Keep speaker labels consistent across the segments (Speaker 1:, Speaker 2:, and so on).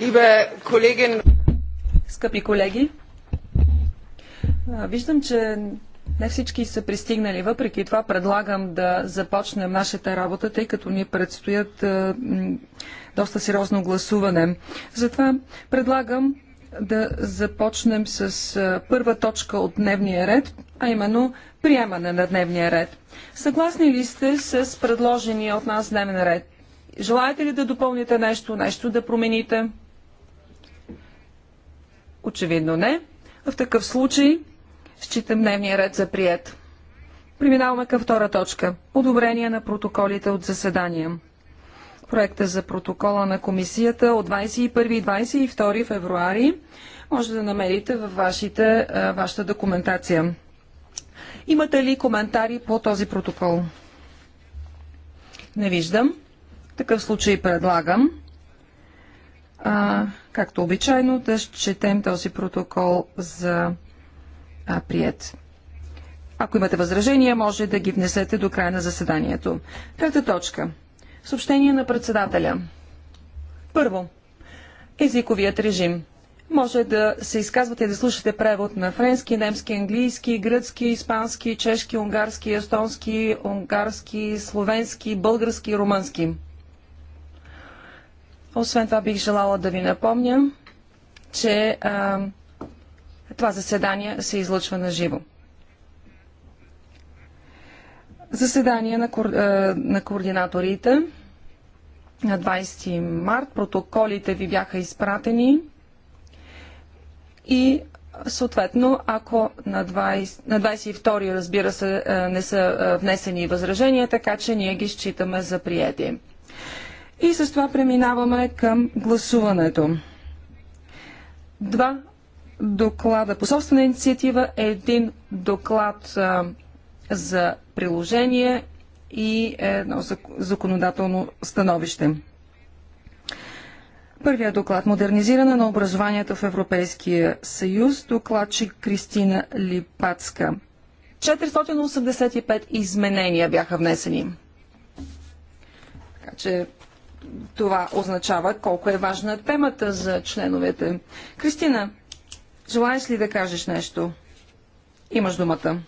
Speaker 1: Либе колеги... Скъпи колеги, виждам, че не всички са пристигнали. Въпреки това предлагам да започнем нашата работа, тъй като ни предстоят доста сериозно гласуване. Затова предлагам да започнем с първа точка от дневния ред, а именно приемане на дневния ред. Съгласни ли сте с предложения от нас дневен ред? Желаете ли да допълните нещо, нещо да промените? Очевидно не. В такъв случай считам дневния ред за прият. Преминаваме към втора точка. Одобрение на протоколите от заседания. Проекта за протокола на комисията от 21 и 22 февруари може да намерите във вашите, вашата документация. Имате ли коментари по този протокол? Не виждам. В такъв случай предлагам а, както обичайно, да четем този протокол за а, прият. Ако имате възражения, може да ги внесете до края на заседанието. Трета точка. Съобщение на председателя. Първо. Езиковият режим. Може да се изказвате и да слушате превод на френски, немски, английски, гръцки, испански, чешки, унгарски, естонски, унгарски, словенски, български румънски. Освен това бих желала да ви напомня, че а, това заседание се излъчва на живо. Заседание на, ко... на координаторите на 20 март. Протоколите ви бяха изпратени и съответно, ако на, 20, на 22 разбира се, не са внесени възражения, така че ние ги считаме за приети. И с това преминаваме към гласуването. Два доклада по собствена инициатива, един доклад а, за приложение и едно законодателно становище. Първият доклад – Модернизиране на образованието в Европейския съюз, докладчик Кристина Липацка. 485 изменения бяха внесени. Така че това означава колко е важна темата за членовете. Кристина, желаеш ли да кажеш нещо? Имаш думата.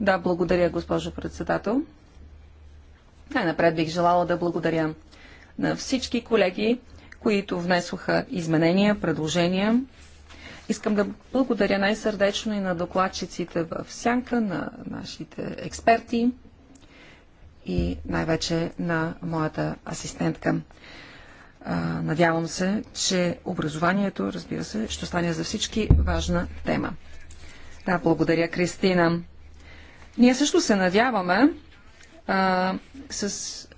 Speaker 1: Да, благодаря, госпожо председател. Най-напред бих желала да благодаря на всички колеги, които внесоха изменения, предложения. Искам да благодаря най-сърдечно и на докладчиците в Сянка, на нашите експерти, и най-вече на моята асистентка. Надявам се, че образованието, разбира се, ще стане за всички важна тема. Да, благодаря, Кристина. Ние също се надяваме а, с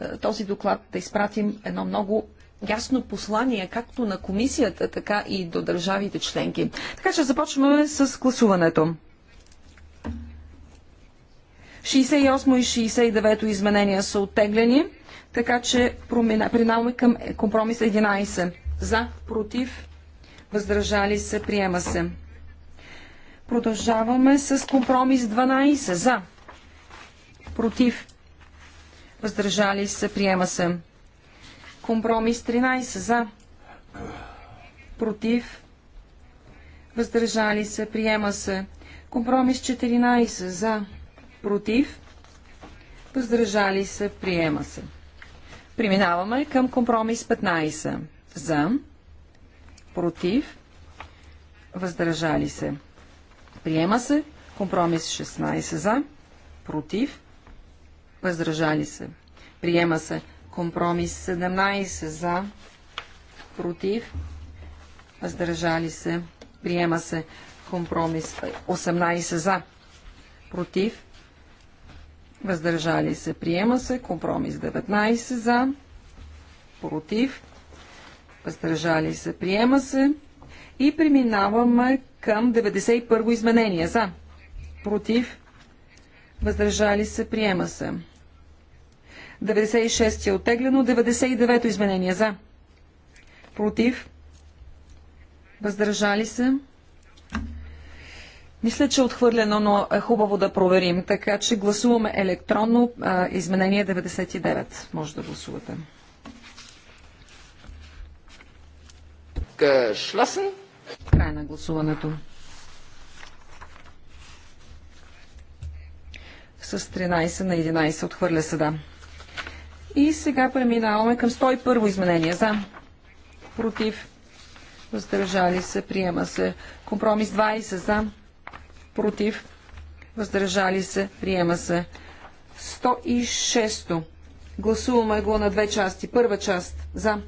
Speaker 1: а, този доклад да изпратим едно много ясно послание, както на комисията, така и до държавите членки. Така че започваме с гласуването. 68 и 69 изменения са оттеглени, така че преминаваме към компромис 11. За, против, въздържали се, приема се. Продължаваме с компромис 12. За, против, въздържали се, приема се. Компромис 13. За, против, въздържали се, приема се. Компромис 14. За, против, против, въздържали се, приема се. Преминаваме към компромис 15. За, против, въздържали се. Приема се. Компромис 16 за, против, въздържали се. Приема се. Компромис 17 за, против, въздържали се. Приема се. Компромис 18 за, против, въздържали се, приема се. Компромис 19 за, против, въздържали се, приема се. И преминаваме към 91 изменение за, против, въздържали се, приема се. 96 е оттеглено, 99 изменение за, против, въздържали се, се. Мисля, че е отхвърлено, но е хубаво да проверим. Така че гласуваме електронно а, изменение 99. Може да гласувате.
Speaker 2: Geschlossen.
Speaker 1: Край на гласуването. С 13 на 11 отхвърля се да. И сега преминаваме към 101 изменение. За. Против. Въздържали се. Приема се. Компромис 20. За против, въздържали се, приема се. 106. Гласуваме го на две части. Първа част за,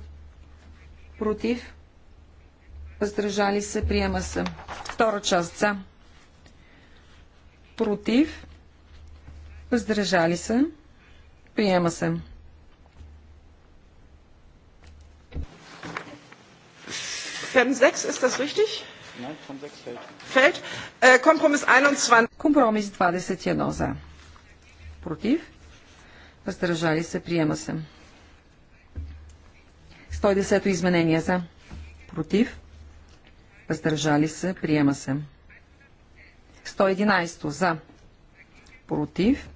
Speaker 1: против, въздържали се, приема се. Втора част за, против, въздържали се, приема се.
Speaker 2: 5 6 ist das richtig? Feld. Äh, Компромис 21.
Speaker 1: Компромис 21 за. Против. Въздържали се. Приема се. 110 изменение за. Против. Въздържали се. Приема се. 111 за. Против.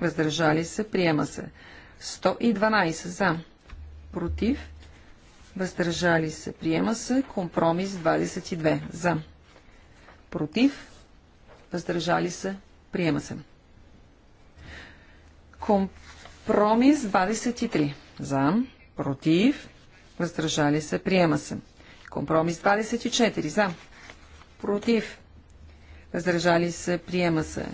Speaker 1: Въздържали се. Приема се. 112 за. Против въздържали се, приема се. Компромис 22 за, против, въздържали се, приема се. Компромис 23 за, против, въздържали се, приема се. Компромис 24 за, против, въздържали се, приема се.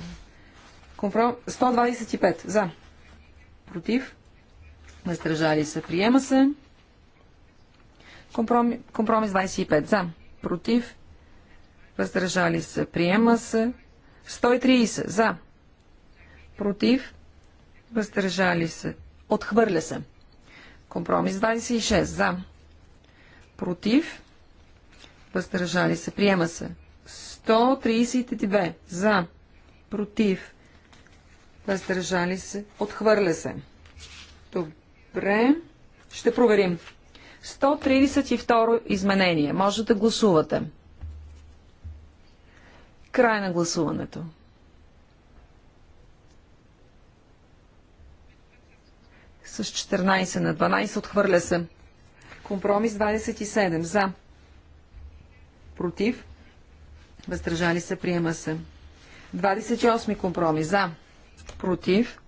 Speaker 1: Компром... 125 за, против, въздържали се, приема се. Компромис, компромис 25 за, против, въздържали се, приема се. 130 за, против, въздържали се, отхвърля се. Компромис 26 за, против, въздържали се, приема се. 132 за, против, въздържали се, отхвърля се. Добре, ще проверим. 132 изменение. Може да гласувате. Край на гласуването. С 14 на 12 отхвърля се. Компромис 27. За. Против. Въздържали се. Приема се. 28 компромис. За. Против.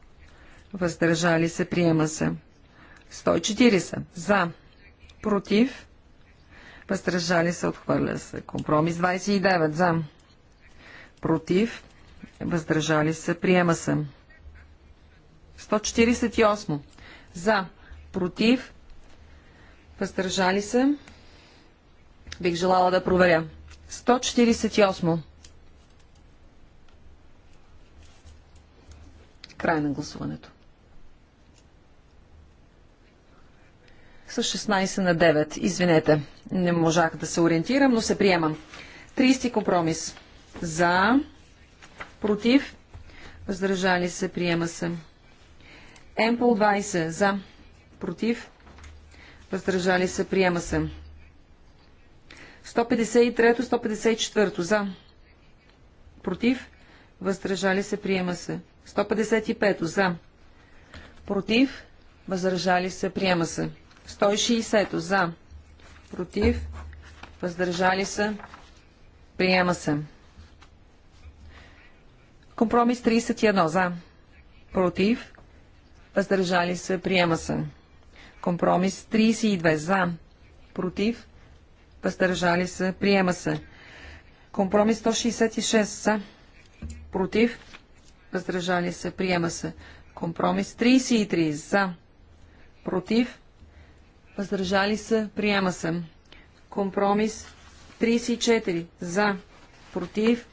Speaker 1: Въздържали се. Приема се. 140. За против, въздържали се, отхвърля се. Компромис 29 за, против, въздържали се, приема се. 148 за, против, въздържали се. Бих желала да проверя. 148. Край на гласуването. са 16 на 9. Извинете, не можах да се ориентирам, но се приемам. 30 компромис. За, против, въздържали се, приема се. Емпол 20. За, против, въздържали се, приема се. 153, 154 за. Против. Въздържали се, приема се. 155 за. Против. Въздържали се, приема се. 160 за, против, въздържали се, приема се. Компромис 31 за, против, въздържали се, приема се. Компромис 32 за, против, въздържали се, приема се. Компромис 166 за, против, въздържали се, приема се. Компромис 33 за, против, въздържали се, приема се. Компромис 34 за, против,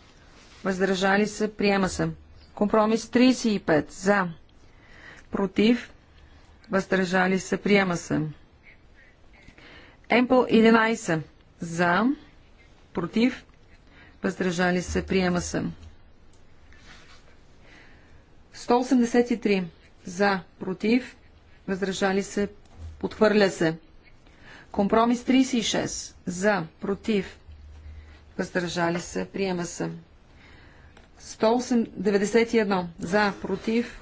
Speaker 1: въздържали се, приема се. Компромис 35 за, против, въздържали се, приема се. Емпл 11 за, против, въздържали се, приема се. 183 за, против, въздържали се, Отхвърля се. Компромис 36. За. Против. Въздържали се. Приема се. 191. За. Против.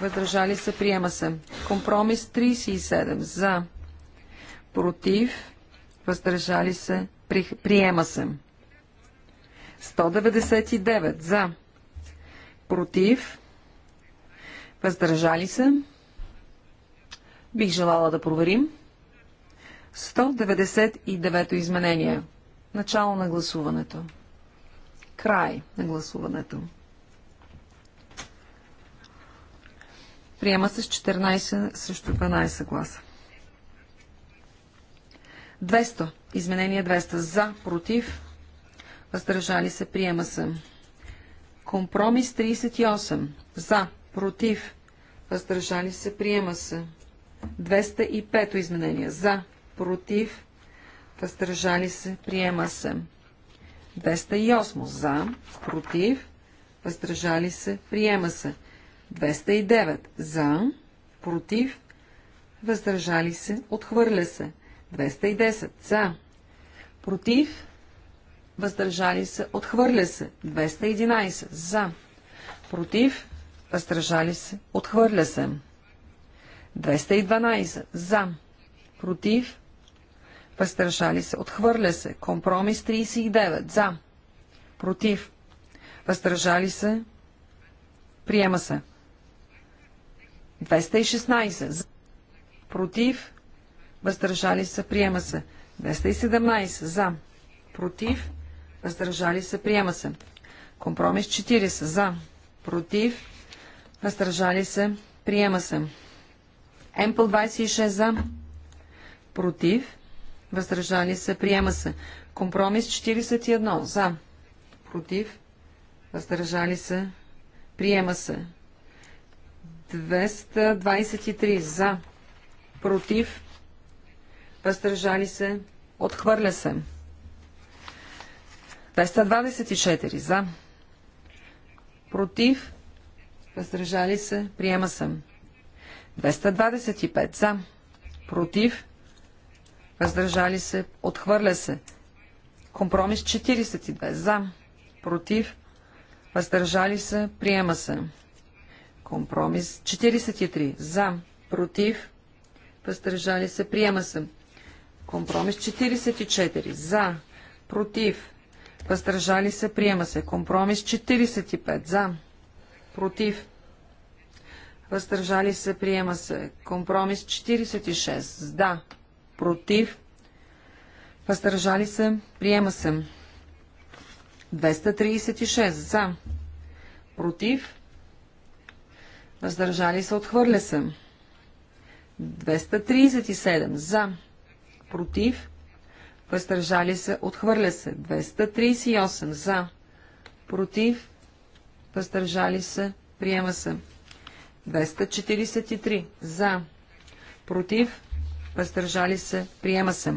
Speaker 1: Въздържали се. Приема се. Компромис 37. За. Против. Въздържали се. Приема се. 199. За. Против. Въздържали се. Бих желала да проверим. 199 то изменение. Начало на гласуването. Край на гласуването. Приема се с 14 срещу 12 гласа. 200. Изменение 200. За, против, въздържали се, приема се. Компромис 38. За, против, въздържали се, приема се. 205 изменение. За, против, въздържали се, приема се. 208 за, против, въздържали се, приема се. 209 за, против, въздържали се, отхвърля се. 210 за, против, въздържали се, отхвърля се. 211 за, против, въздържали се, отхвърля се. 212 за, против, въздържали се, отхвърля се. Компромис 39 за, против, въздържали се, приема се. 216 за, против, въздържали се, приема се. 217 за, против, въздържали се, приема се. Компромис 40 за, против, въздържали се, приема се. МПЛ 26 за, против, въздържали се, приема се. Компромис 41 за, против, въздържали се, приема се. 223 за, против, въздържали се, отхвърля се. 224 за, против, въздържали се, приема се. 225 за, против, въздържали се, отхвърля се. Компромис 42 за, против, въздържали се, приема се. Компромис 43 за, против, въздържали се, приема се. Компромис 44 за, против, въздържали се, приема се. Компромис 45 за, против, въздържали се, приема се. Компромис 46 за, против, въздържали се, приема се. 236 за, против, въздържали се, отхвърля се. 237 за, против, въздържали се, отхвърля се. 238 за, против, въздържали се, приема се. 243 за, против, въздържали се, приема се.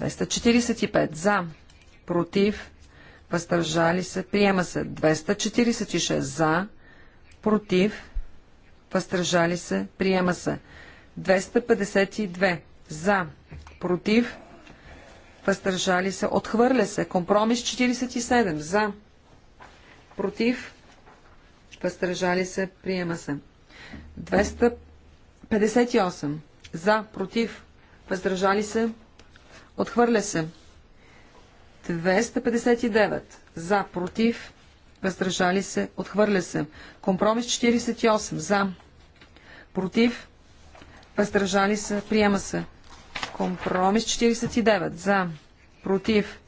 Speaker 1: 245 за, против, въздържали се, приема се. 246 за, против, въздържали се, приема се. 252 за, против, въздържали се, отхвърля се. Компромис 47 за, против, въздържали се, приема се. 258 за, против, въздържали се, отхвърля се. 259 за, против, въздържали се, отхвърля се. Компромис 48 за, против, въздържали се, приема се. Компромис 49 за, против,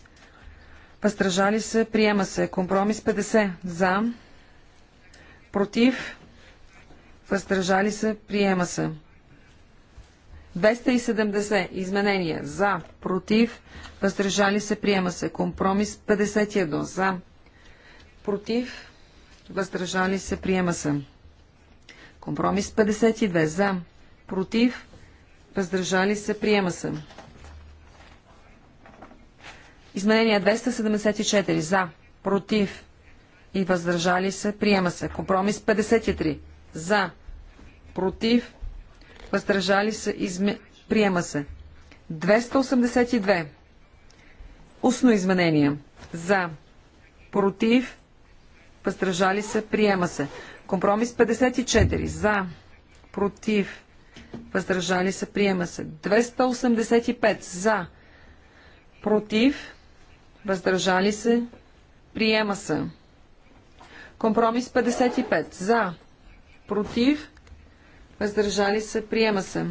Speaker 1: въздържали се, приема се. Компромис 50 за, против, въздържали се, приема се. 270 изменения за, против, въздържали се, приема се. Компромис 51 за, против, въздържали се, приема се. Компромис 52 за, против, въздържали се, приема се. Изменение 274 за, против, и въздържали се, приема се. Компромис 53. За, против, въздържали се, изме... приема се. 282. Устно изменение. За, против, въздържали се, приема се. Компромис 54. За, против, въздържали се, приема се. 285. За, против, въздържали се, приема се. Компромис 55. За. Против. Въздържали се. Приема се.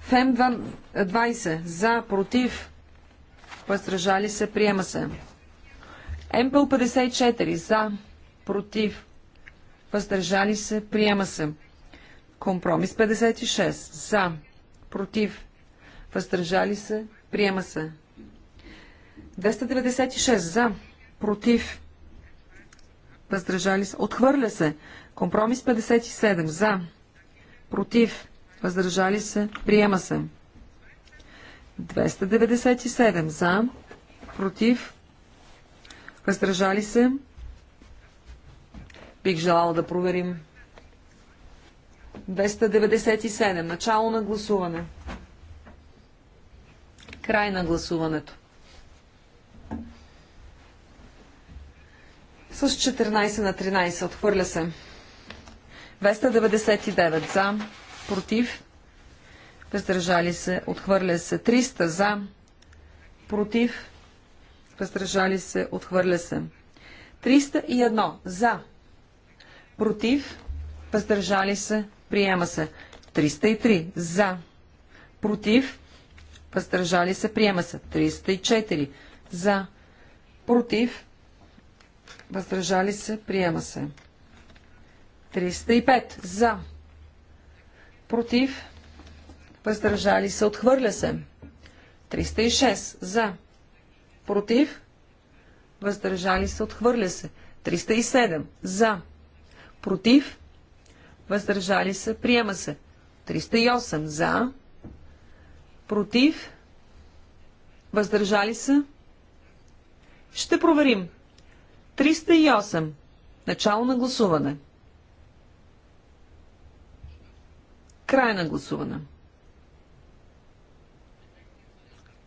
Speaker 1: ФЕМ 20. За. Против. Въздържали се. Приема се. МПЛ 54. За. Против. Въздържали се. Приема се. Компромис 56. За. Против. Въздържали се. Приема се. 296. За против, въздържали се, отхвърля се. Компромис 57, за, против, въздържали се, приема се. 297, за, против, въздържали се. Бих желала да проверим. 297, начало на гласуване. Край на гласуването. с 14 на 13. Отхвърля се. 299 за, против, въздържали се, отхвърля се. 300 за, против, въздържали се, отхвърля се. 301 за, против, въздържали се, приема се. 303 за, против, въздържали се, приема се. 304 за, против, въздържали се, приема се. 305 за, против, въздържали се, отхвърля се. 306 за, против, въздържали се, отхвърля се. 307 за, против, въздържали се, приема се. 308 за, против, въздържали се. Ще проверим. 308. Начало на гласуване. Край на гласуване.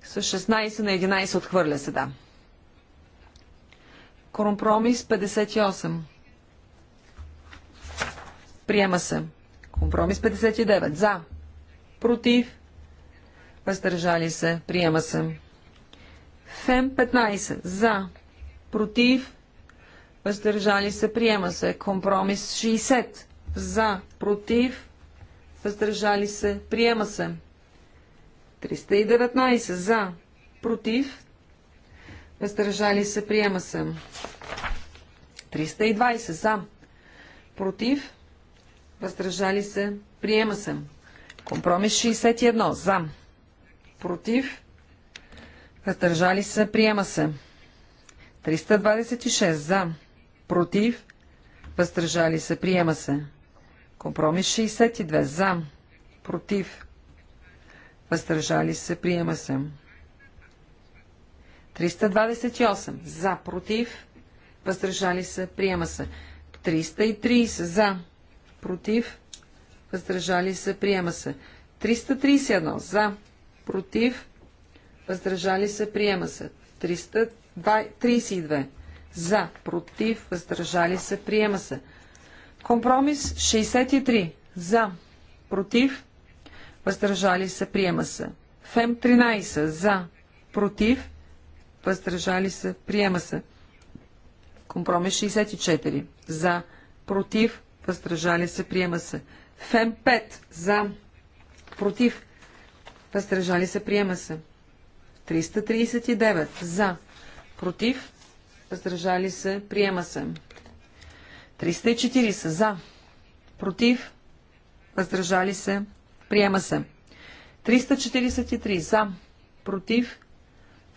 Speaker 1: С 16 на 11 отхвърля се, да. Компромис 58. Приема се. Компромис 59. За. Против. Въздържали се. Приема се. ФЕМ 15. За. Против въздържали се, приема се. Компромис 60 за, против, въздържали се, приема се. 319 за, против, въздържали се, приема се. 320 за, против, въздържали се, приема се. Компромис 61 за, против, въздържали се, приема се. 326 за, против, въздържали се, приема се. Компромис 62 за, против, въздържали се, приема се. 328 за, против, въздържали се, приема се. 330 за, против, въздържали се, приема се. 331 за, против, въздържали се, приема се. 332 за, против, въздържали се, приема се. Компромис 63 за, против, въздържали се, приема се. ФЕМ 13 за, против, въздържали се, приема се. Компромис 64 за, против, въздържали се, приема се. ФЕМ 5 за, против, въздържали се, приема се. 339 за, против, въздържали се, приема се. 340 за, против, въздържали се, приема се. 343 за, против,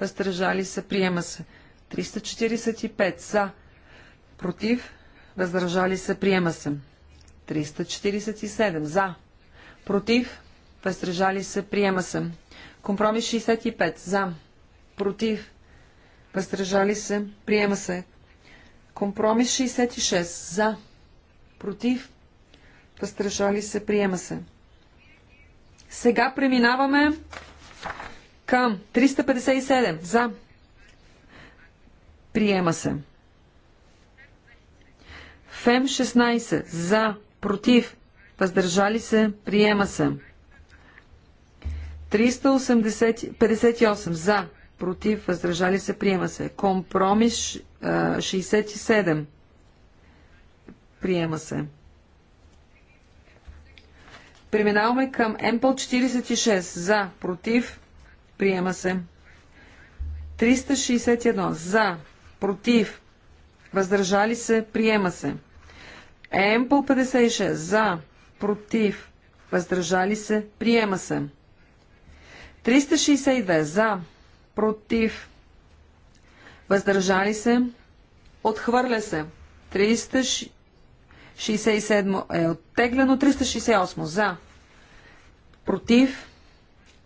Speaker 1: въздържали се, приема се. 345 за, против, въздържали се, приема се. 347 за, против, въздържали се, приема се. Компромис 65 за, против, въздържали се, приема се. Компромис 66 за, против, въздържали се, приема се. Сега преминаваме към 357 за, приема се. ФЕМ 16 за, против, въздържали се, приема се. 358 за, против, въздържали се, приема се. Компромис 67, приема се. Преминаваме към МПЛ 46, за, против, приема се. 361, за, против, въздържали се, приема се. МПЛ 56, за, против, въздържали се, приема се. 362, за, против, въздържали се, отхвърля се. 367 е оттеглено, 368 за, против,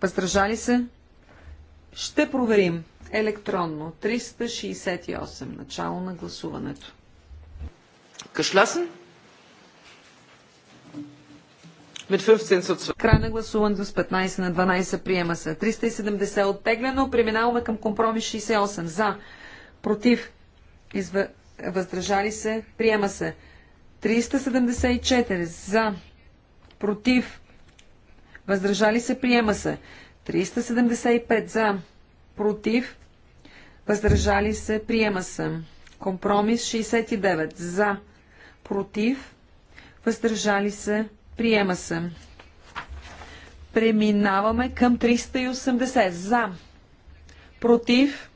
Speaker 1: въздържали се. Ще проверим електронно. 368 начало на гласуването. Кашласен? Mit 15 zu 12. Край на гласуването с 15 на 12 приема се. 370 оттеглено. Преминаваме към компромис 68. За. Против. Изв... Въздържали се. Приема се. 374. За. Против. Въздържали се. Приема се. 375. За. Против. Въздържали се. Приема се. Компромис 69. За. Против. Въздържали се. Приема се. Преминаваме към 380. За. Против.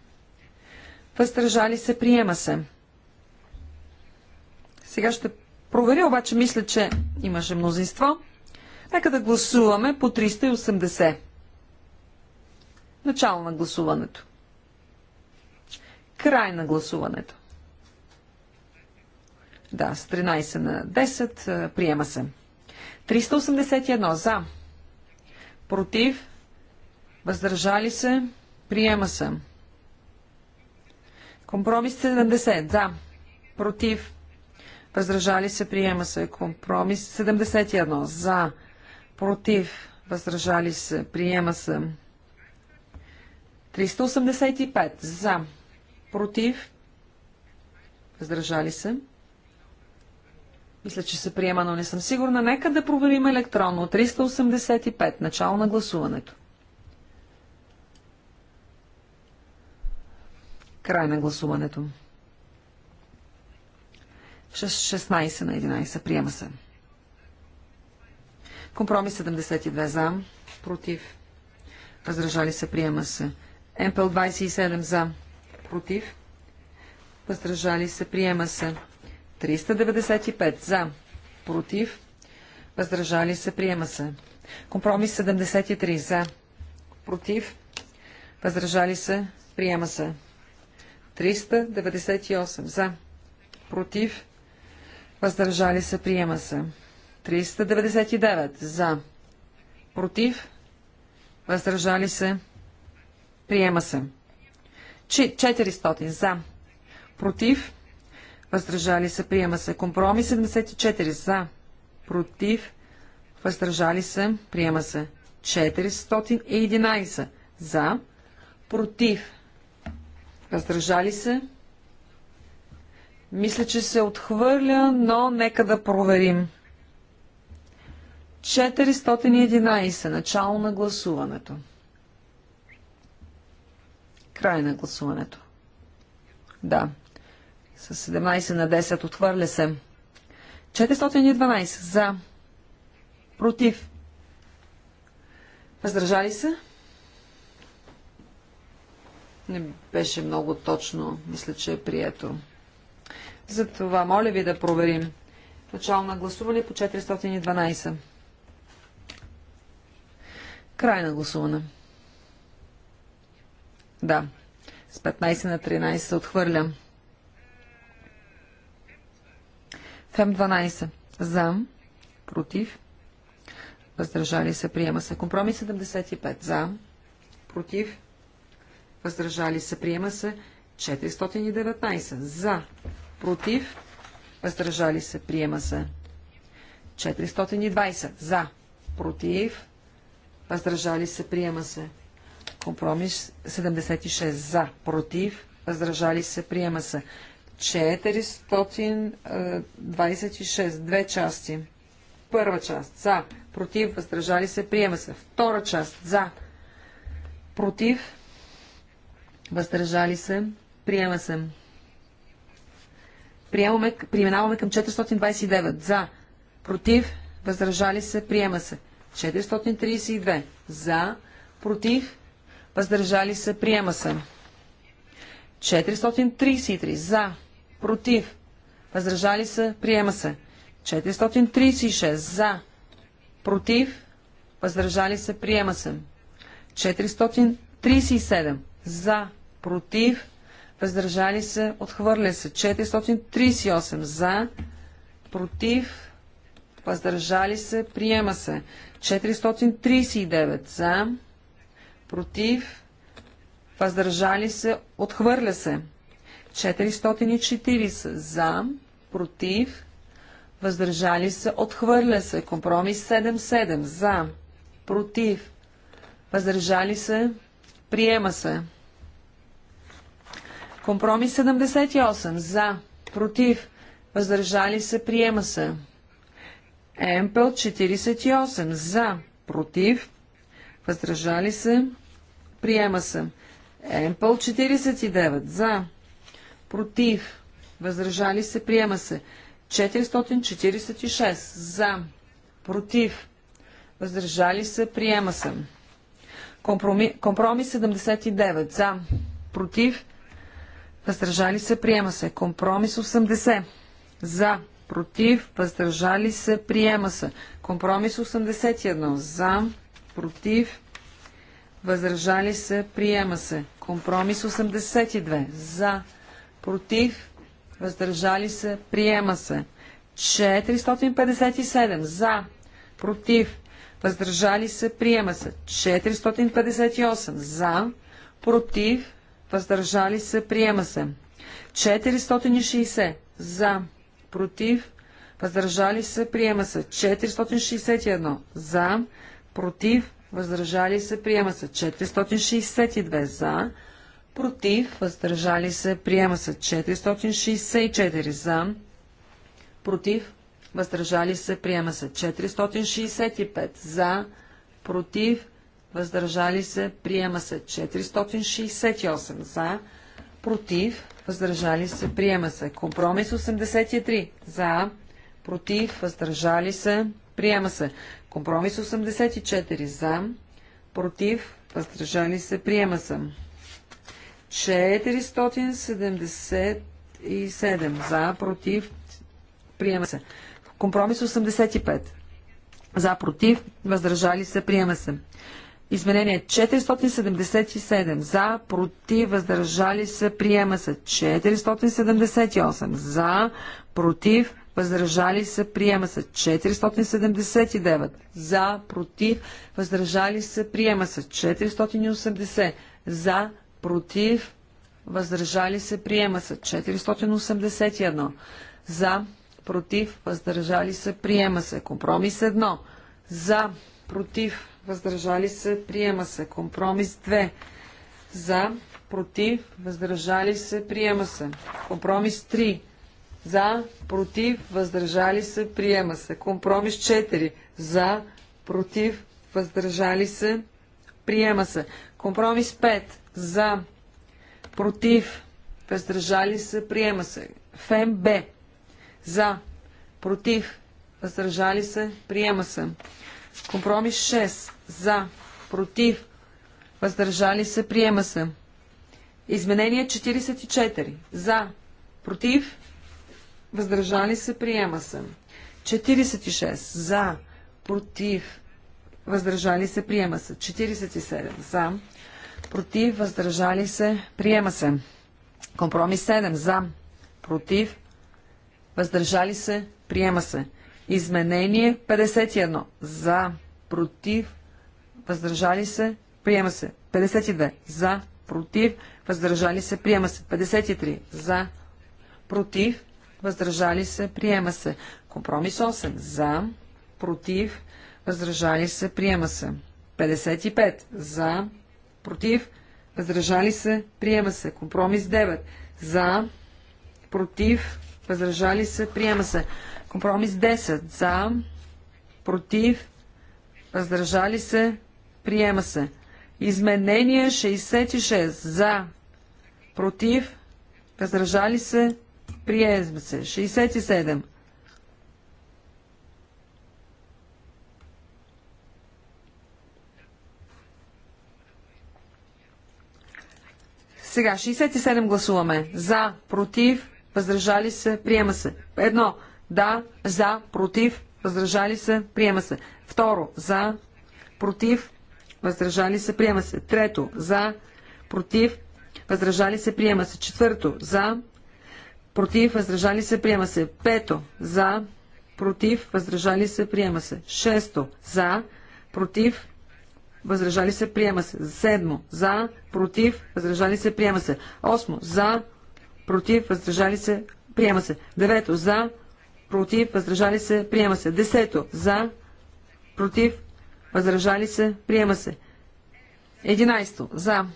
Speaker 1: Въздържали се. Приема се. Сега ще проверя, обаче мисля, че имаше мнозинство. Нека да гласуваме по 380. Начало на гласуването. Край на гласуването. Да, с 13 на 10 приема се. 381 за. Против. Въздържали се. Приема се. Компромис 70 за. Против. Въздържали се. Приема се. Компромис 71 за. Против. Въздържали се. Приема се. 385 за. Против. Въздържали се. Мисля, че се приема, но не съм сигурна. Нека да проверим електронно. 385. Начало на гласуването. Край на гласуването. 16 на 11. Приема се. Компромис 72 за. Против. Въздържали се. Приема се. МПЛ 27 за. Против. Въздържали се. Приема се. 395 за, против, въздържали се, приема се. Компромис 73 за, против, въздържали се, приема се. 398 за, против, въздържали се, приема се. 399 за, против, въздържали се, приема се. 400 за, против, въздържали се, приема се. Компромис 74 за, против, въздържали се, приема се. 411 за, против, въздържали се. Мисля, че се отхвърля, но нека да проверим. 411. Начало на гласуването. Край на гласуването. Да, с 17 на 10 отхвърля се. 412 за. Против. Въздържали се? Не беше много точно. Мисля, че е прието. Затова моля ви да проверим. Начало на гласуване по 412. Край на гласуване. Да. С 15 на 13 се отхвърлям. Фем 12. За. Против. Въздържали се. Приема се. Компромис 75. За. Против. Въздържали се. Приема се. 419. За. Против. Въздържали се. Приема се. 420. За. Против. Въздържали се. Приема се. Компромис 76. За. Против. Въздържали се. Приема се. 426. Е, две части. Първа част. За. Против. Въздържали се. Приема се. Втора част. За. Против. Въздържали се. Приема се. Приемаме, преминаваме към 429. За. Против. Въздържали се. Приема се. 432. За. Против. Въздържали се. Приема се. 433. За против, въздържали се, приема се. 436 за, против, въздържали се, приема се. 437 за, против, въздържали се, отхвърля се. 438 за, против, въздържали се, приема се. 439 за, против, въздържали се, отхвърля се. 440 за, против, въздържали се, отхвърля се. Компромис 77 за, против, въздържали се, приема се. Компромис 78 за, против, въздържали се, приема се. Емпел 48 за, против, въздържали се, приема се. Емпел 49 за, против, въздържали се, приема се. 446 за, против, въздържали се, приема се. Компроми... Компромис 79 за, против, въздържали се, приема се. Компромис 80 за, против, въздържали се, приема се. Компромис 81 за, против, въздържали се, приема се. Компромис 82 за, против, против, въздържали се, приема се. 457 за, против, въздържали се, приема се. 458 за, против, въздържали се, приема се. 460 за, против, въздържали се, приема се. 461 за, против, въздържали се, приема се. 462 за, против, въздържали се, приема се 464 за, против, въздържали се, приема се 465 за, против, въздържали се, приема се 468 за, против, въздържали се, приема се. Компромис 83 за, против, въздържали се, приема се. Компромис 84 за, против, въздържали се, приема се. 477 за, против, приема се. Компромис 85 за, против, въздържали се, приема се. Изменение 477 за, против, въздържали се, приема се. 478 за, против, въздържали се, приема се 479, за, против, въздържали се, приема се 480, за, против, въздържали се, приема се. 481 за, против, въздържали се, приема се. Компромис 1 за, против, въздържали се, приема се. Компромис 2 за, против, въздържали се, приема се. Компромис 3 за, против, въздържали се, приема се. Компромис 4 за, против, въздържали се, приема се. Компромис 5. За. Против. Въздържали се. Приема се. Фем Б. За. Против. Въздържали се. Приема се. Компромис 6. За. Против. Въздържали се. Приема се. Изменение 44. За. Против. Въздържали се. Приема се. 46. За. Против въздържали се, приема се. 47 за, против, въздържали се, приема се. Компромис 7 за, против, въздържали се, приема се. Изменение 51 за, против, въздържали се, приема се. 52 за, против, въздържали се, приема се. 53 за, против, въздържали се, приема се. Компромис 8 за, против, въздържали се, приема се. 55 за, против, въздържали се, приема се. Компромис 9 за, против, въздържали се, приема се. Компромис 10 за, против, въздържали се, приема се. Изменение 66 за, против, въздържали се, приема се. 67 Сега, 67 гласуваме. За, против, въздържали се, приема се. Едно, да, за, против, въздържали се, приема се. Второ, за, против, въздържали се, приема се. Трето, за, против, въздържали се, приема се. Четвърто, за, против, въздържали се, приема се. Пето, за, против, въздържали се, приема се. Шесто, за, против, въздържали се, приема се. Седмо, за, против, въздържали се, приема се. Осмо, за, против, въздържали се, приема се. Девето, за, против, въздържали се, приема се. Десето, за, против, въздържали се, приема се. Единайсто, за,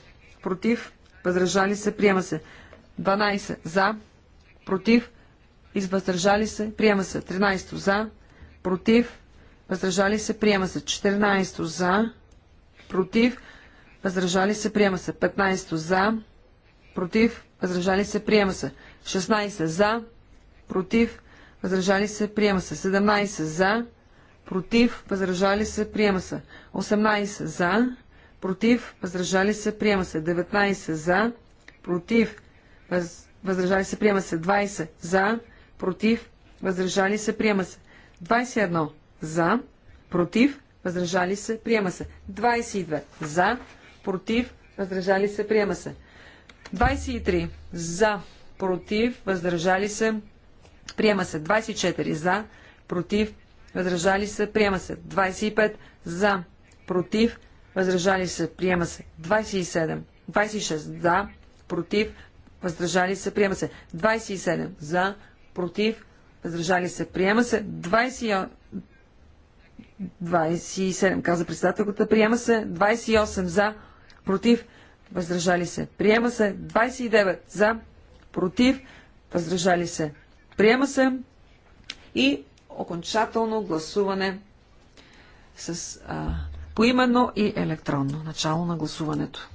Speaker 1: против, въздържали се, приема се. 12 за, против, въздържали се, приема се. 13 за, против, въздържали се, приема се. 14 за, против, въздържали се, приема се. 15 за, против, въздържали се, приема се. 16 за, против, въздържали се, приема се. 17 за, против, въздържали се, приема се. 18 за, против, въздържали се, приема се. 19 за, против, въздържали се, приема се. 20 за, против, въздържали се, приема се. 21 за, против, въздържали се, приема се. 22 за, против, въздържали се, приема се. 23 за, против, въздържали се, приема се. 24 за, против, въздържали се, приема се. 25 за, против, въздържали се, приема се. 27, 26 за, против, въздържали се, приема се. 27 за, против, въздържали се, приема се. 28 27, каза председателката. Приема се 28 за, против, въздържали се. Приема се 29 за, против, въздържали се. Приема се и окончателно гласуване с а, поименно и електронно. Начало на гласуването.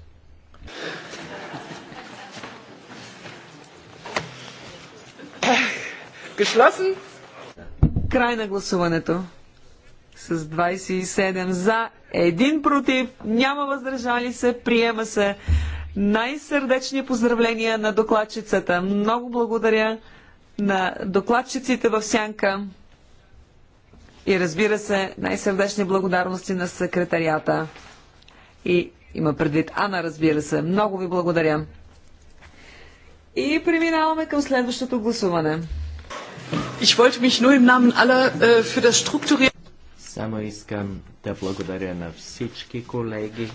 Speaker 1: Geschlossen. Край на гласуването с 27 за, един против, няма въздържали се, приема се. Най-сърдечни поздравления на докладчицата. Много благодаря на докладчиците в Сянка и разбира се, най-сърдечни благодарности на секретарията. И има предвид Ана, разбира се. Много ви благодаря. И преминаваме към следващото гласуване. Ich
Speaker 2: wollte mich nur im Namen
Speaker 1: aller äh, für das strukturierte само
Speaker 3: искам да благодаря на всички колеги,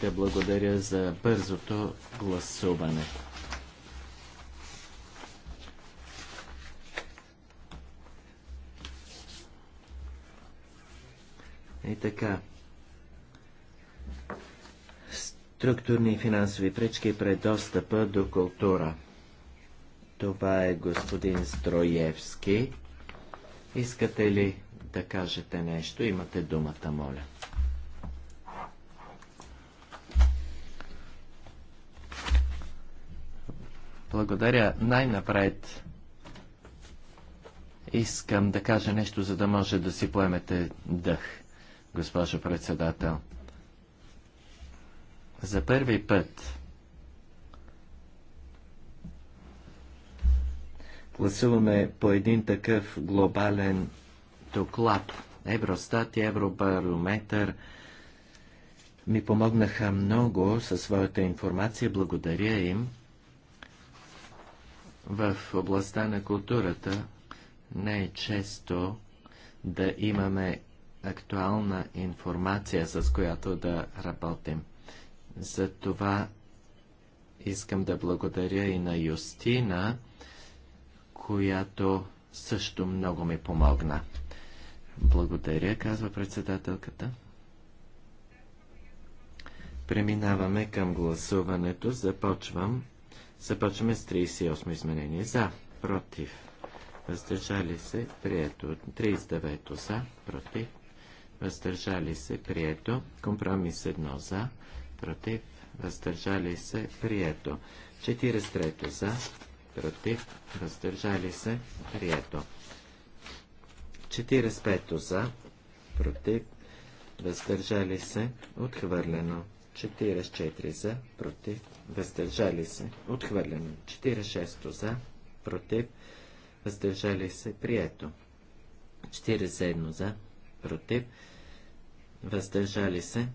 Speaker 3: да благодаря за бързото гласуване. И така. Структурни и финансови пречки пред достъпа до култура. Това е господин Строевски. Искате ли да кажете нещо. Имате думата, моля. Благодаря. Най-напред искам да кажа нещо, за да може да си поемете дъх, госпожо председател. За първи път гласуваме по един такъв глобален доклад. Евростат и Евробарометър ми помогнаха много със своята информация. Благодаря им. В областта на културата не е често да имаме актуална информация, с която да работим. За това искам да благодаря и на Юстина, която също много ми помогна. Благодаря, казва председателката. Преминаваме към гласуването. Започвам. Започваме с 38 изменение. За, против, въздържали се, прието. 39 за, против, въздържали се, прието. Компромис 1 за, против, въздържали се, прието. 43 за, против, въздържали се, прието. 45 за, против, въздържали се, отхвърлено. 44 за, против, въздържали се, отхвърлено. 46 за, против, въздържали се, прието. 41 за, против, въздържали се.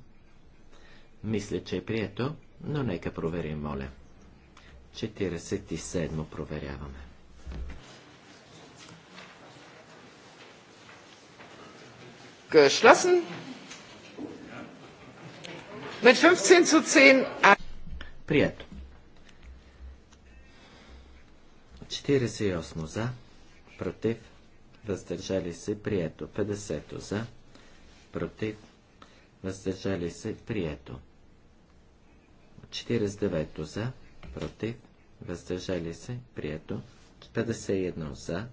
Speaker 3: Мисля, че е прието, но нека проверим, моля. 47 проверяваме.
Speaker 2: geschlossen. Mit 15 zu 10.
Speaker 3: Прието. 48 за, против, въздържали се, прието. 50 за, против, въздържали се, прието. 49 за, против, въздържали се, прието. 51 за,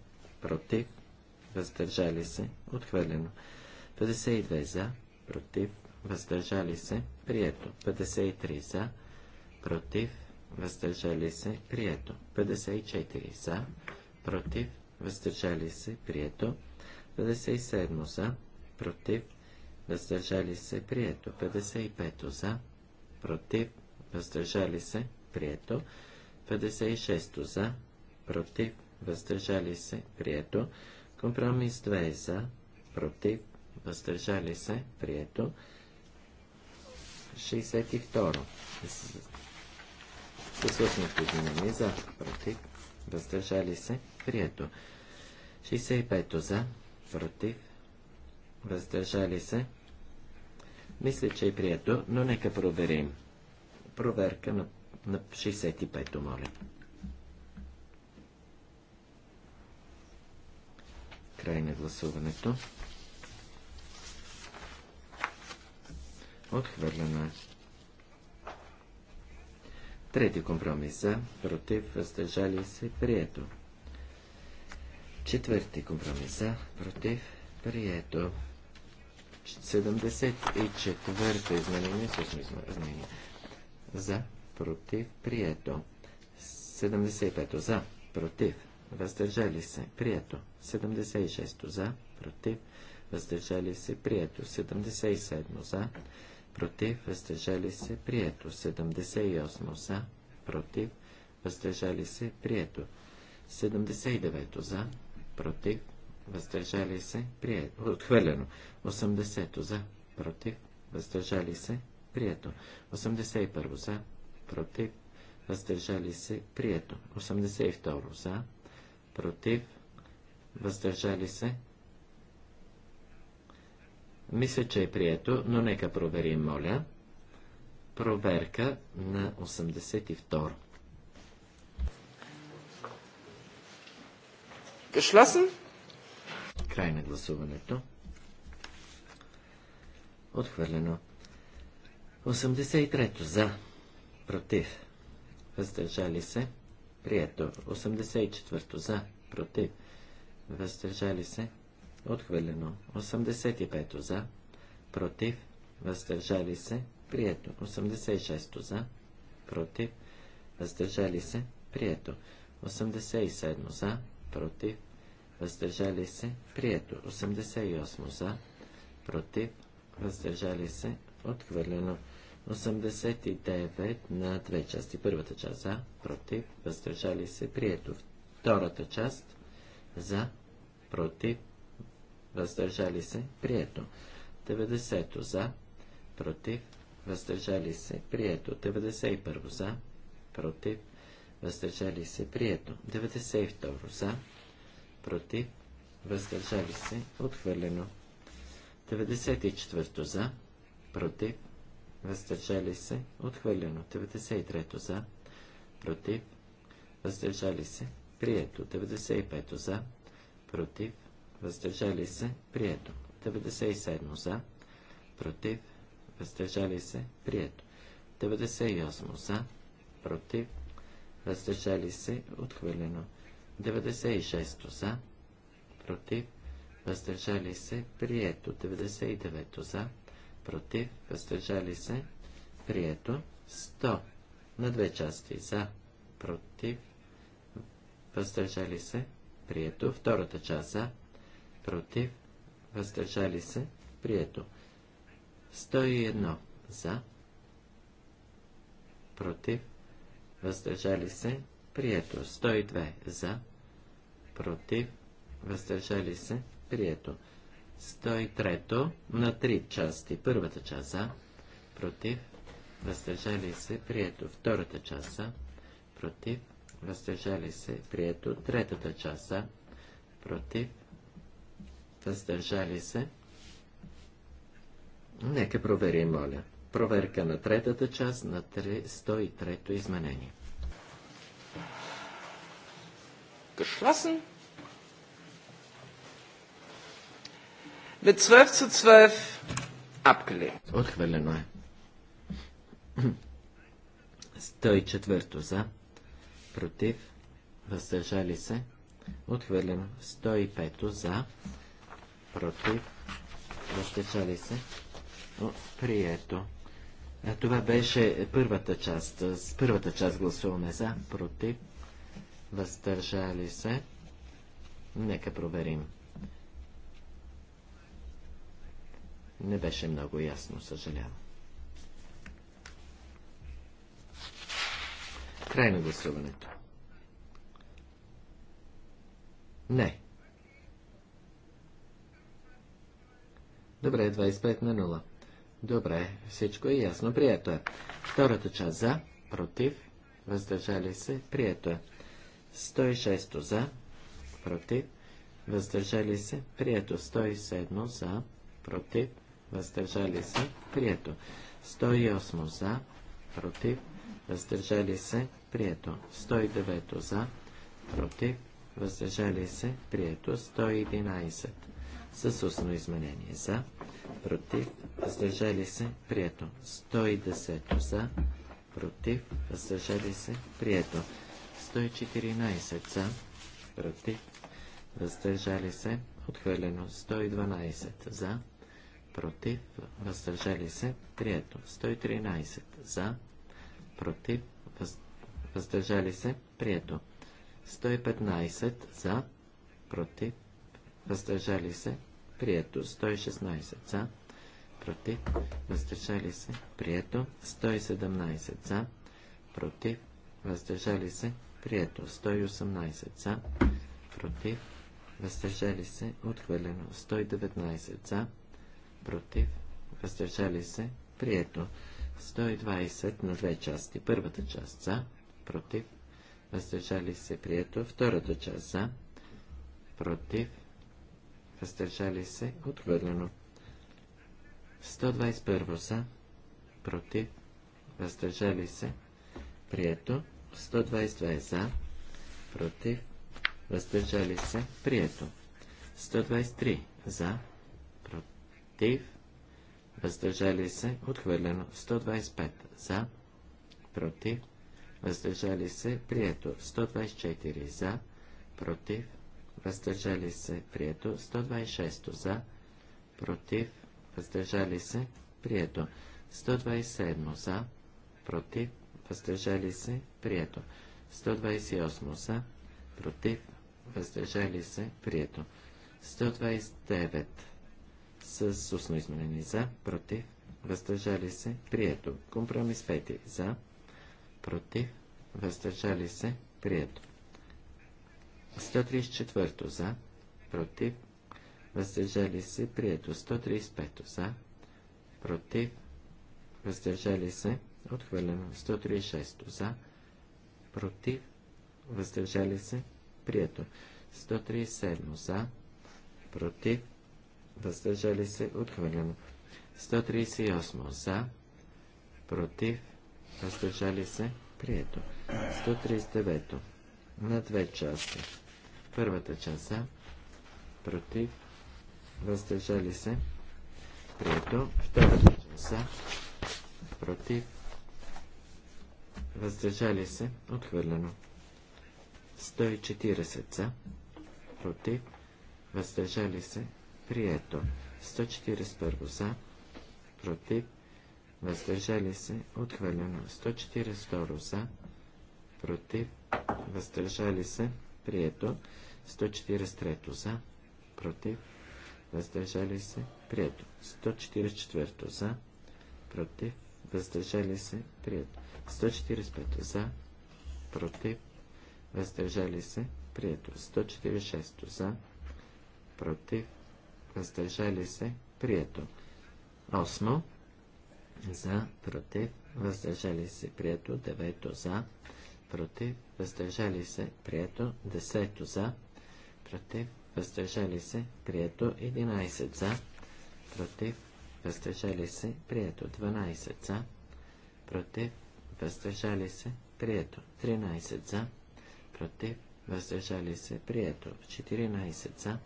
Speaker 3: против, въздържали се, отхвърлено. 52 за, против, въздържали се, прието. 53 за, против, въздържали се, прието. 54 за, против, въздържали се, прието. 57 за, против, въздържали се, прието. 55 за, против, въздържали се, прието. 56 за, против, въздържали се, прието. Компромис 2 за, против, въздържали се, прието. 62. С устното за, против, въздържали се, прието. 65. За, против, въздържали се. Мисля, че е прието, но нека проверим. Проверка на, на 65-то, моля. Край на гласуването. отхвърлена. Е. Трети компромис за, против, въздържали се, прието. Четвърти компромис за, против, прието. 74-то изменение, също изменение. За, против, прието. 75-то за, против, въздържали се, прието. 76-то за, против, въздържали се, прието. 77-то за, против, въздържали се, прието. 78 за, против, въздържали се, прието. 79 за, против, въздържали се, прието. Отхвърлено. 80 за, против, въздържали се, прието. 81 за, против, въздържали се, прието. 82 за, против, въздържали се, мисля, че е прието, но нека проверим, моля. Проверка на 82. Geschlossen? Край на гласуването. Отхвърлено. 83-то за. Против. Въздържали се. Прието. 84-то за. Против. Въздържали се. Отхвърлено. 85 за. Против. Въздържали се. Прието. 86 за. Против. Въздържали се. Прието. 87 за. Против. Въздържали се. Прието. 88 за. Против. Въздържали се. Отхвърлено. 89 на две части. Първата част за, против, въздържали се, прието. Втората част за, против, въздържали се, прието. 90 за, против, въздържали се, прието. 91 за, против, въздържали се, прието. 92 за, против, въздържали се, отхвърлено. 94 за, против, въздържали се, отхвърлено. 93 за, против, въздържали се, прието. 95 за, против, въздържали се, прието. 97 за, против, въздържали се, прието. 98 за, против, въздържали се, отхвърлено. 96 за, против, въздържали се, прието. 99 за, против, въздържали се, прието. 100 на две части за, против, въздържали се, прието. Втората част за, против, въздържали се, прието. 101 за, против, въздържали се, прието. 102 за, против, въздържали се, прието. 103 на три части. Първата част за, против, въздържали се, прието. Втората част за, против, въздържали се, прието. Третата част за, против, въздържали се. Нека проверим, моля. Проверка на третата част на 103-то изменение.
Speaker 2: Geschlossen. Mit 12 zu 12 abgelehnt.
Speaker 3: Отхвърлено е. 104 за, против, въздържали се. Отхвърлено. 105 за, против, въздържали се, прието. А това беше първата част. С първата част гласуваме за, против, въздържали се. Нека проверим. Не беше много ясно, съжалявам. Край на гласуването. Не. Добре, 25 на 0. Добре, всичко е ясно. Прието е. Втората част за, против, въздържали се, прието е. 106 за, против, въздържали се, прието. 107 за, против, въздържали се, прието. 108 за, против, въздържали се, прието. 109 за, против, въздържали се, прието. 111 с устно изменение. За, против, въздържали се, прието. 110 за, против, въздържали се, прието. 114 за, против, въздържали се, отхвърлено. 112 за, против, въздържали се, прието. 113 за, против, въздържали се, прието. 115 за, против, въздържали се, прието. 116 за, против, въздържали се, прието. 117 за, против, въздържали се, прието. 118 за, против, въздържали се, отхвърлено. 119 за, против, въздържали се, прието. 120 на две части. Първата част за, против, въздържали се, прието. Втората част за, против, въздържали се, отхвърлено. 121 за, против, въздържали се, прието. 122 за, против, въздържали се, прието. 123 за, против, въздържали се, отхвърлено. 125 за, против, въздържали се, прието. 124 за, против, въздържали се, прието. 126 за, против, въздържали се, прието. 127 за, против, въздържали се, прието. 128 за, против, въздържали се, прието. 129 с устно изменени за, против, въздържали се, прието. Компромис 5 за, против, въздържали се, прието. 134 за, против, въздържали се, прието 135 за, против, въздържали се, отхвърлено 136 за, против, въздържали се, прието 137 за, против, въздържали се, отхвърлено 138 за, против, въздържали се, прието 139 на две части. Първата част за, против, въздържали се, прието. Втората част за, против, въздържали се, отхвърлено. 140 за, против, въздържали се, прието. 141 за, против, въздържали се, отхвърлено. 142 за, против, въздържали се, прието. 143 за, против, въздържали се, прието. 144 за, против, въздържали се, прието. 145 за, против, въздържали се, прието. 146 за, против, въздържали се, прието. 8 за, против, въздържали се, прието. 9 за, против, въздържали се, прието, 10 за, против, въздържали се, прието, 11 за, против, въздържали се, прието, 12 за, против, въздържали се, прието, 13 за, против, въздържали се, прието, 14 за,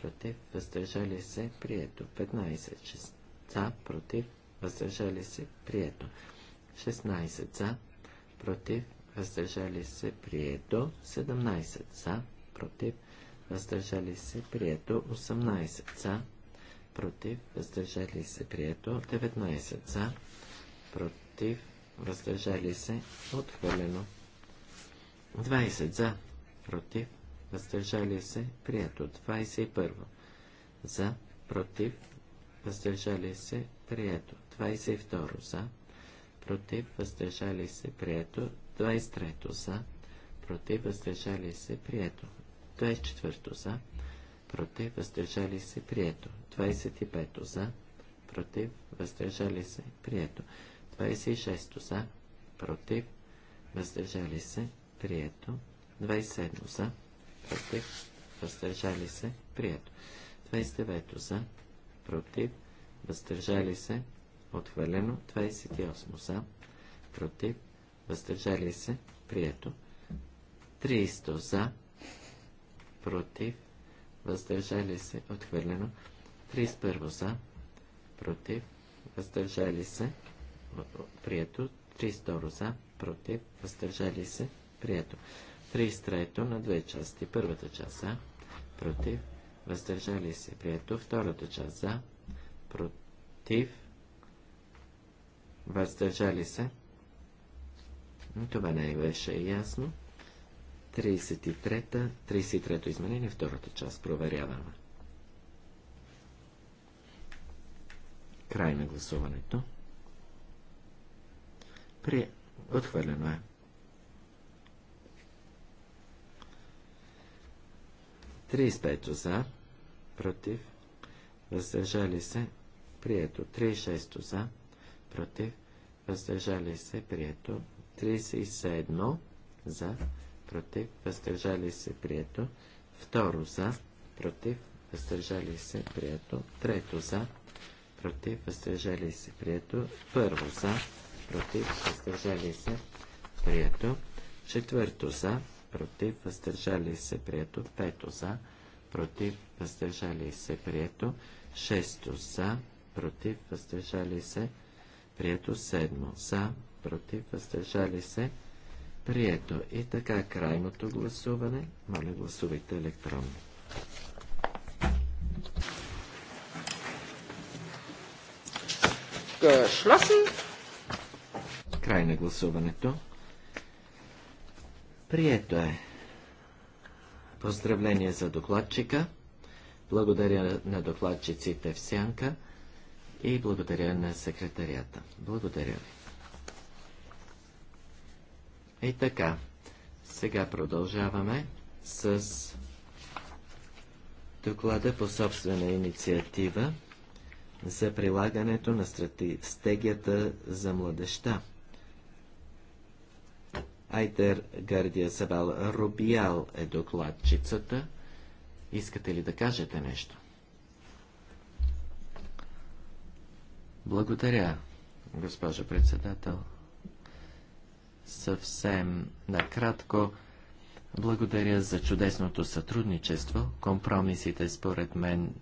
Speaker 3: против, въздържали се, прието, 15 за, против, въздържали се, прието, 16 за, против, въздържали се, прието. 17 за, против, въздържали се, прието. 18 за, против, въздържали се, прието. 19 за, против, въздържали се, отхвърлено. 20 за, против, въздържали се, прието. 21 за, против, въздържали се, прието. 22 за, против, въздържали се, прието. 23 за, против, въздържали се, прието. 24 за, против, въздържали се, прието. 25 за, против, въздържали се, прието. 26 за, против, въздържали се, прието. 27 за, против, въздържали се, прието. 29 за, против, въздържали се, отхвърлено. 28 за, против, въздържали се, прието. 300 за, против, въздържали се, отхвърлено. 31 за, против, въздържали се, прието. 32 за, против, въздържали се, прието. 33 на две части. Първата част за, против, въздържали се, прието. Втората част за, против, въздържали се, това не беше ясно. 33-та, 33-то изменение, втората част. Проверяваме. Край на гласуването. При... Отхвърлено е. 35 за, против, въздържали се, прието. 36 за, против, въздържали се, прието. 37 за, против, въздържали се, прието. Второ за, против, въздържали се, прието. Трето за, против, въздържали се, прието. Първо за, против, въздържали се, прието. Четвърто за, против, въздържали се, прието. Пето за, против, въздържали се, прието. Шесто за, против, въздържали се, прието. Седмо за, против, въздържали се. Прието. И така, крайното гласуване. Моля, гласувайте електронно.
Speaker 2: Geschlossen.
Speaker 3: Край на гласуването. Прието е. Поздравление за докладчика. Благодаря на докладчиците в Сянка и благодаря на секретарията. Благодаря ви. И е така, сега продължаваме с доклада по собствена инициатива за прилагането на стратегията за младеща. Айтер Гардия Сабал Рубиал е докладчицата. Искате ли да кажете нещо? Благодаря, госпожо председател. Съвсем накратко, благодаря за чудесното сътрудничество. Компромисите според мен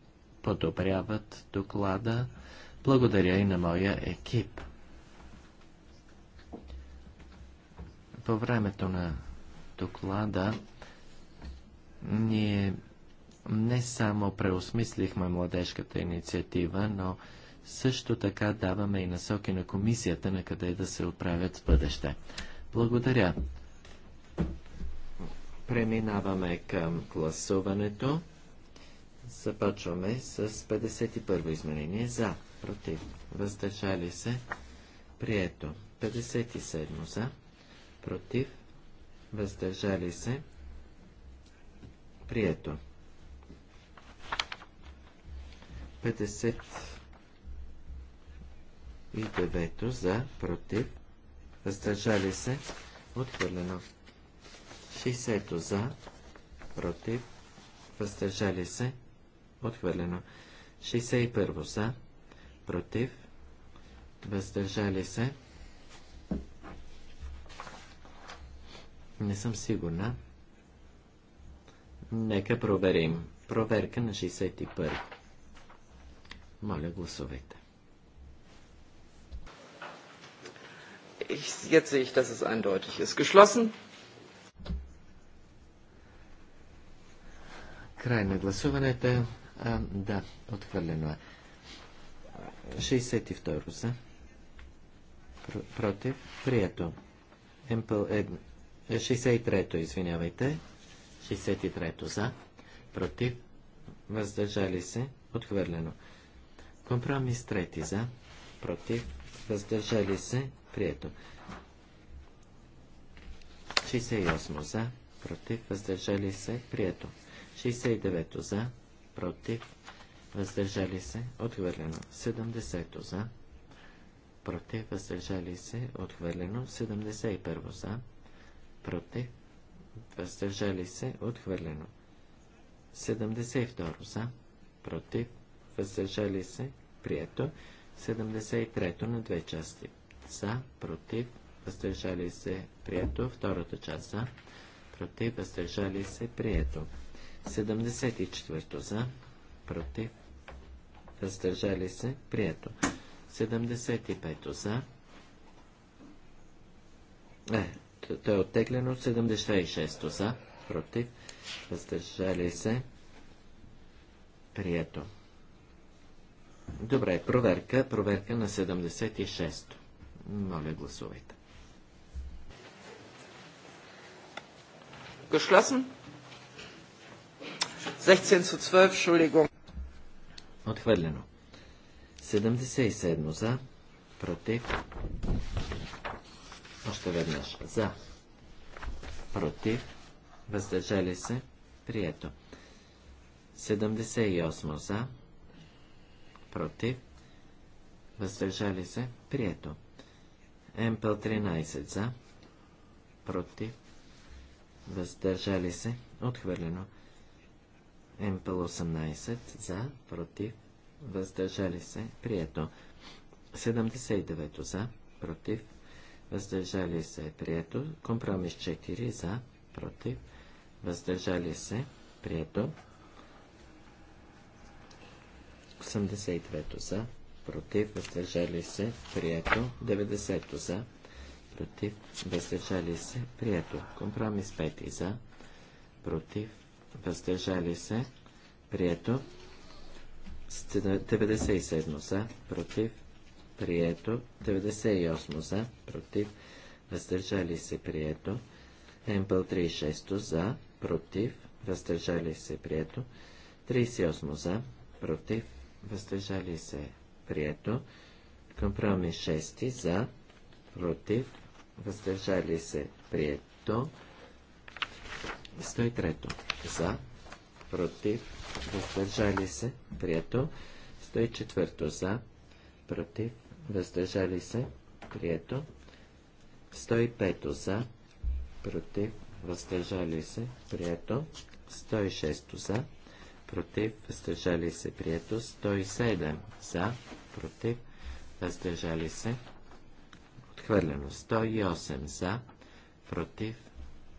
Speaker 3: подобряват доклада. Благодаря и на моя екип. По времето на доклада ние не само преосмислихме младежката инициатива, но също така даваме и насоки на комисията на къде да се отправят в бъдеще. Благодаря. Преминаваме към гласуването. Започваме с 51 изменение. За, против, въздържали се, прието. 57 за, против, въздържали се, прието. 59 за, против, въздържали се, отхвърлено. 60 за, против, въздържали се, отхвърлено. 61 за, против, въздържали се. Не съм сигурна. Нека проверим. Проверка на 61. Моля, гласувайте.
Speaker 2: Ich, jetzt sehe ich, dass es eindeutig ist. Geschlossen.
Speaker 3: Край на гласуването. А, да, отхвърлено е. 62 за. Пр против. Прието. МПЛ 63-то, е, извинявайте. 63-то за. Против. Въздържали се. Отхвърлено. Компромис трети за. Против. Въздържали се. Прието. 68 за, против, въздържали се, прието. 69 за, против, въздържали се, отхвърлено. 70 за, против, въздържали се, отхвърлено. 71 за, против, въздържали се, отхвърлено. 72 за, против, въздържали се, прието. 73 на две части за, против, въздържали се, прието. Втората част за, против, въздържали се, прието. 74 за, против, въздържали се, прието. 75 за, е, то е оттеглено, 76 за, против, въздържали се, прието. Добре, проверка, проверка на 76-то. Моля, гласувайте.
Speaker 2: Geschlossen. 16 zu 12, Entschuldigung.
Speaker 3: Отхвърлено. 77 за, против. Още веднъж. За, против, въздържали се, прието. 78 за, против, въздържали се, прието. МПЛ 13 за, против, въздържали се, отхвърлено. МПЛ 18 за, против, въздържали се, прието. 79 за, против, въздържали се, прието. Компромис 4 за, против, въздържали се, прието. 89 за, против, въздържали се, прието. 90 за, против, въздържали се, прието. Компромис 5 за, против, въздържали се, прието. 97 за, против, прието. 98 за, против, въздържали се, прието. МПЛ 36 за, против, въздържали се, прието. 38 за, против, въздържали се, прието. Компромис 6 за, против, въздържали се, прието. 103 за, против, въздържали се, прието. 104 за, против, въздържали се, прието. 105 за, против, въздържали се, прието. 106 за, против, въздържали се, прието 107 за, против, въздържали се, отхвърлено 108 за, против,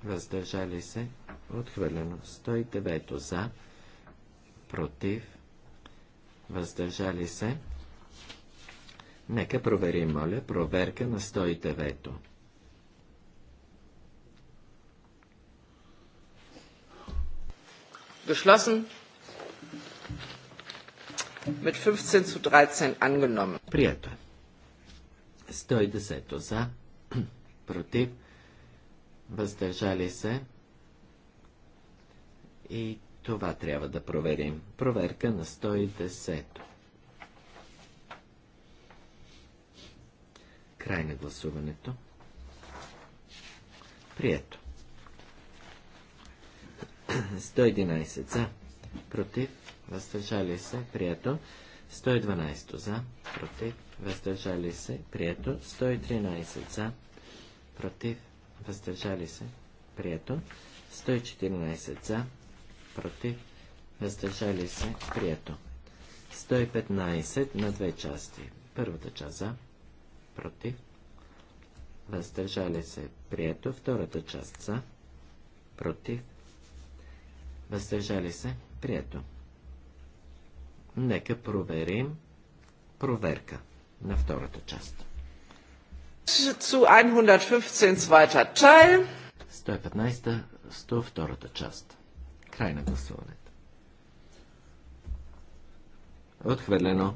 Speaker 3: въздържали се, отхвърлено 109 за, против, въздържали се. Нека проверим, моля, проверка на 109-то.
Speaker 2: Geschlossen mit 15 zu 13 angenommen.
Speaker 3: Прието е. 110 за, против, въздържали се. И това трябва да проверим. Проверка на 110. Край на гласуването. Прието. 111 за, против, въздържали се, прието. 112 за, против, въздържали се, прието. 113 за, против, въздържали се, прието. 114 за, против, въздържали се, прието. 115 на две части. Първата част за, против, въздържали се, прието. Втората част за, против, въздържали се, прието. Нека проверим проверка на втората част.
Speaker 2: 115 zweiter
Speaker 1: Teil.
Speaker 3: 102 част. Край на гласуването. Отхвърлено.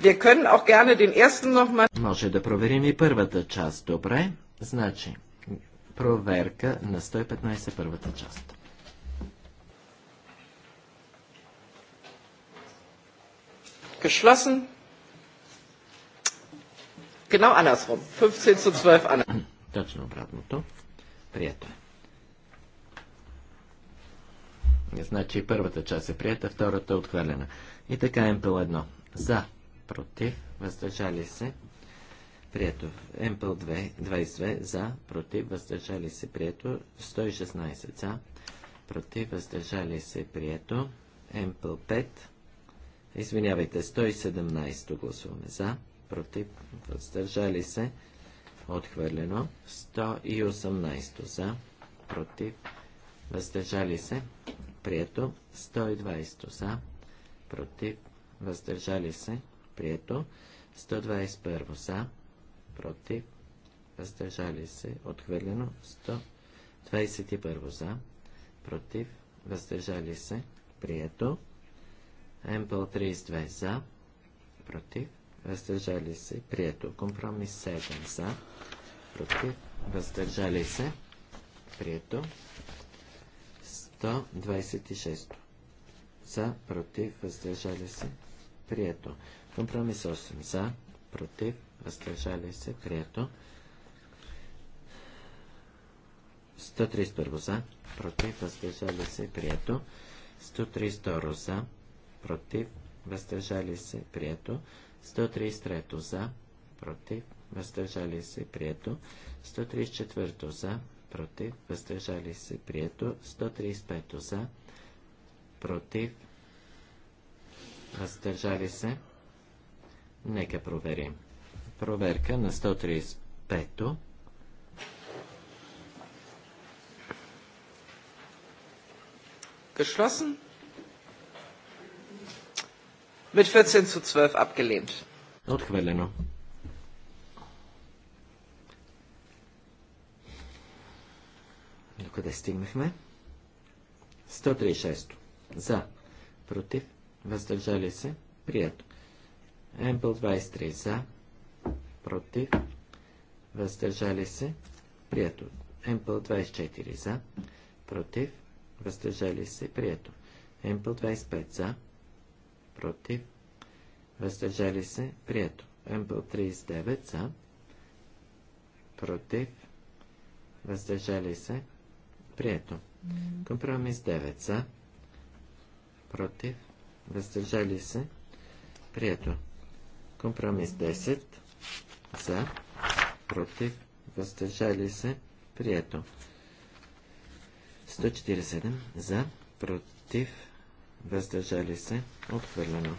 Speaker 2: Wir können auch gerne den ersten noch mal...
Speaker 3: Може да проверим и първата част, добре? Значи, проверка на 115 първата
Speaker 2: част. geschlossen. Genau andersrum. 15 zu 12
Speaker 3: andersrum. Е. Значи първата част е прията, втората е отхвърлена. И така МПЛ 1. За, против, въздържали се. Прието. МПЛ 2, 22 за, против, въздържали се. Прието. 116 за, против, въздържали се. Прието. МПЛ 5 Извинявайте, 117 гласуваме за, против, въздържали се, отхвърлено. 118 за, против, въздържали се, прието. 120 за, против, въздържали се, прието. 121 за, против, въздържали се, отхвърлено. 121 за, против, въздържали се, прието. МПЛ 32 за, против, въздържали се, прието. Компромис 7 за, против, въздържали се, прието. 126 за, против, въздържали се, прието. Компромис 8 за, против, въздържали се, прието. 131 за, против, въздържали се, прието. 132 за, против, въздържали се, прието. 133 за, против, въздържали се, прието. 134 за, против, въздържали се, прието. 135 за, против, въздържали се. Нека проверим. Проверка на 135
Speaker 2: Geschlossen mit 14 zu 12 abgelehnt.
Speaker 3: Отхвърлено. Докъде стигнахме? 136. За. Против. Въздържали се. Прието. Емпл 23. За. Против. Въздържали се. Прието. Емпл 24. За. Против. Въздържали се. Прието. Емпл 25. За против, въздържали се, прието. МПЛ 39 за, против, въздържали се, прието. Компромис 9 за, против, въздържали се, прието. Компромис 10 за, против, въздържали се, прието. 147 за, против, въздържали се, отхвърлено.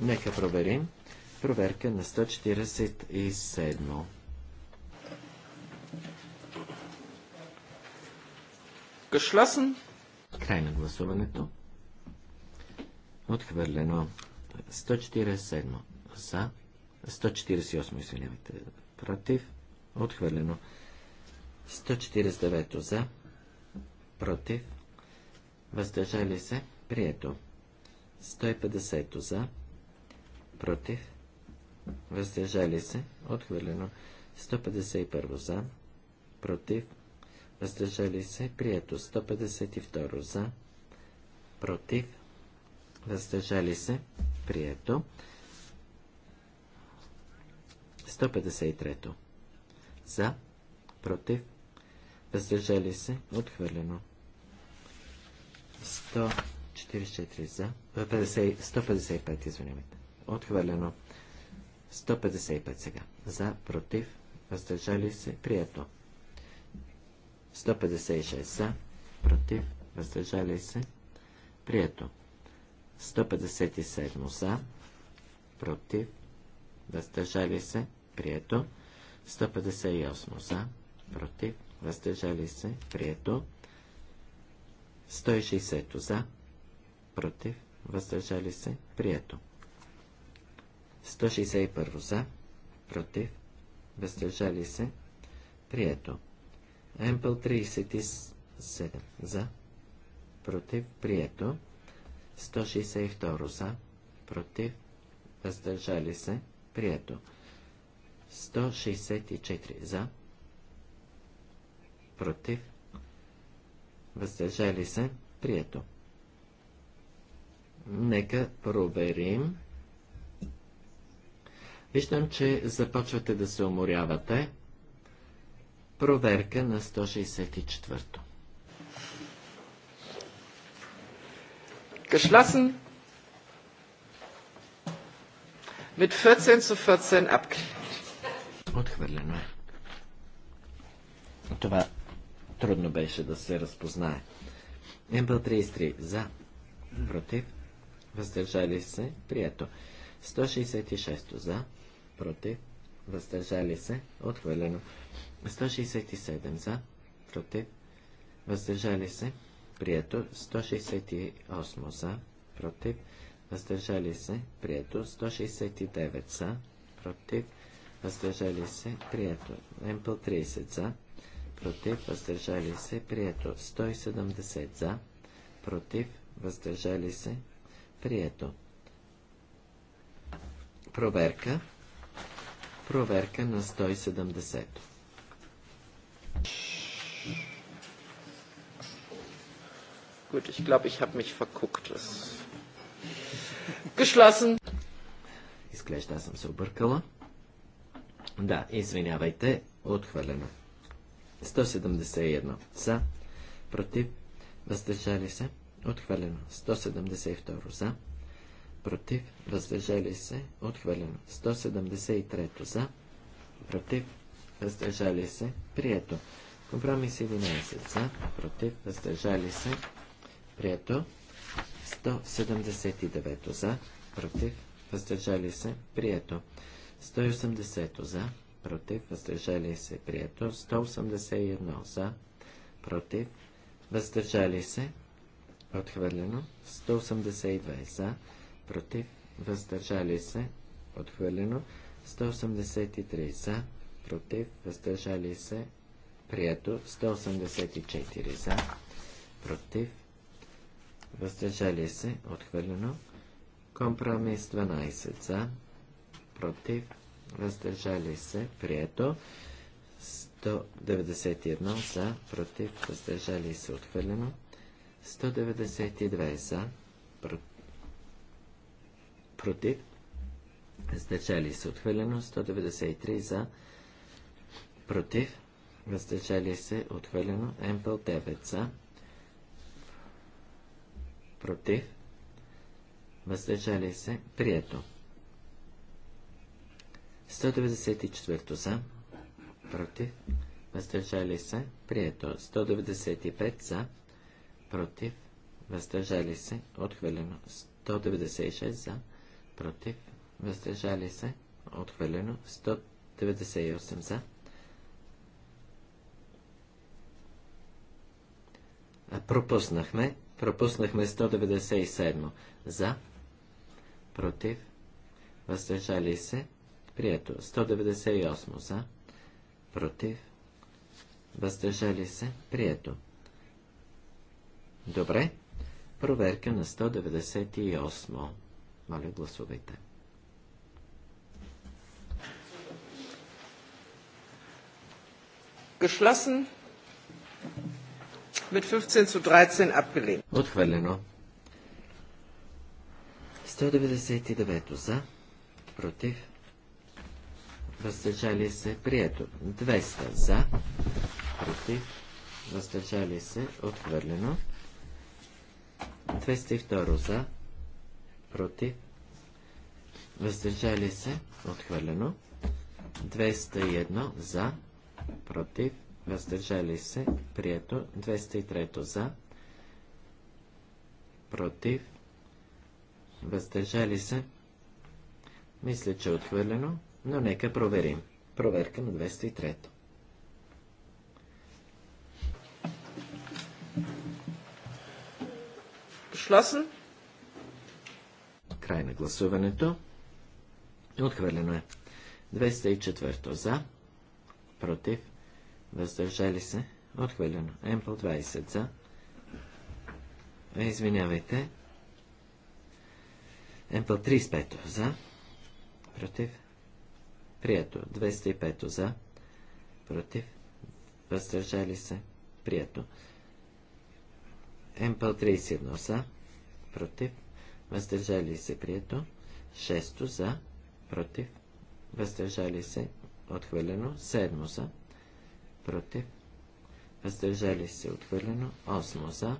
Speaker 3: Нека проверим. Проверка на 147.
Speaker 2: Кашласен.
Speaker 3: Край на гласуването. Отхвърлено. 147 за. 148, извинявайте. Против. Отхвърлено. 149 за. Против въздържали се, прието. 150 за, против, въздържали се, отхвърлено. 151 за, против, въздържали се, прието. 152 за, против, въздържали се, прието. 153 за, против, въздържали се, отхвърлено. 144 за. 50, е, 155, извинявайте. Отхвърлено. 155 сега. За, против, въздържали се, прието. 156 за, против, въздържали се, прието. 157 за, против, въздържали се, прието. 158 за, против, въздържали се, прието. 160 за, против, въздържали се, прието. 161 за, против, въздържали се, прието. Емпъл 37 за, против, прието. 162 за, против, въздържали се, прието. 164 за, против, въздържали се, прието. Нека проверим. Виждам, че започвате да се уморявате. Проверка на 164-то.
Speaker 2: Geschlossen. Mit 14 zu 14 abgelehnt.
Speaker 3: Отхвърлено е. Това трудно беше да се разпознае. МБ-33 за, против, въздържали се, прието. 166 за, против, въздържали се, отхвърлено. 167 за, против, въздържали се, прието. 168 за, против, въздържали се, прието. 169 за, против, въздържали се, прието. МП 30 за, против, въздържали се, прието. 170 за, против, въздържали се, прието. Проверка. Проверка на 170.
Speaker 2: Gut, ich glaube, ich habe mich verguckt. Geschlossen.
Speaker 3: Изглежда, аз съм се объркала. Да, извинявайте, отхвърлено. 171 за, против, въздържали се, отхвърлено. 172 за, против, въздържали се, отхвърлено. 173 за, против, въздържали се, прието. Компромис 11 за, против, въздържали се, прието. 179 за, против, въздържали се, прието. 180 за, против, въздържали се, прието. 181 за, против, въздържали се, отхвърлено. 182 за, против, въздържали се, отхвърлено. 183 за, против, въздържали се, прието. 184 за, против, въздържали се, отхвърлено. Компромис 12 за, против, въздържали се, прието. 191 за, против, въздържали се, отхвърлено. 192 за, против, въздържали се, отхвърлено. 193 за, против, въздържали се, отхвърлено. МПЛ 9 за, против, въздържали се, прието. 194 за, против, въздържали се, прието. 195 за, против, въздържали се, отхвърлено. 196 за, против, въздържали се, отхвърлено. 198 за. А пропуснахме, пропуснахме 197 за, против, въздържали се, Прието. 198 за. Против. Въздържали се. Прието. Добре. Проверка на 198. Моля, гласувайте.
Speaker 2: Geschlossen. Mit 15 zu 13 abgelehnt.
Speaker 3: Отхвърлено. 199 за. Против въздържали се, прието. 200 за, против, въздържали се, отхвърлено. 202 за, против, въздържали се, отхвърлено. 201 за, против, въздържали се, прието. 203 за, против, въздържали се, мисля, че е отхвърлено. Но нека проверим. Проверка на 203. Geschlossen. Край на гласуването. Отхвърлено е. 204 за. Против. Въздържали се. Отхвърлено. по 20 за. Е, извинявайте. по 35 за. Против. Прието. 205 за. Против. Въздържали се. Прието. МПЛ 31 за. Против. Въздържали се. Прието. 6 за. Против. Въздържали се. Отхвърлено. 7 за. Против. Въздържали се. Отхвърлено. 8 за.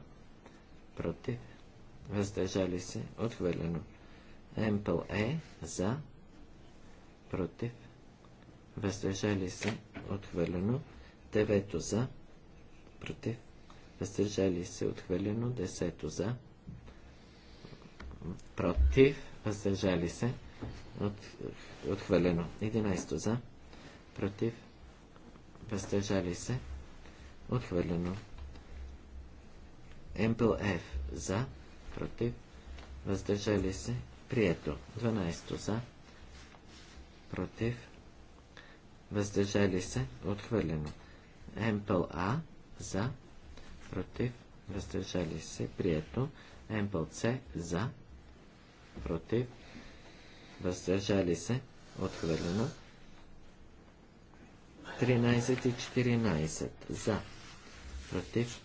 Speaker 3: Против. Въздържали се. Отхвърлено. МПЛ е за. Против въздържали се, отхвърлено, девето за, против, въздържали се, отхвърлено, десето за, против, въздържали се, от, отхвърлено, единайсто за, против, въздържали се, отхвърлено, Емпл Ф за, против, въздържали се, прието, 12 за, против, въздържали се, отхвърлено. Емпъл А за, против, въздържали се, прието. Емпъл С за, против, въздържали се, отхвърлено. 13 и 14 за, против,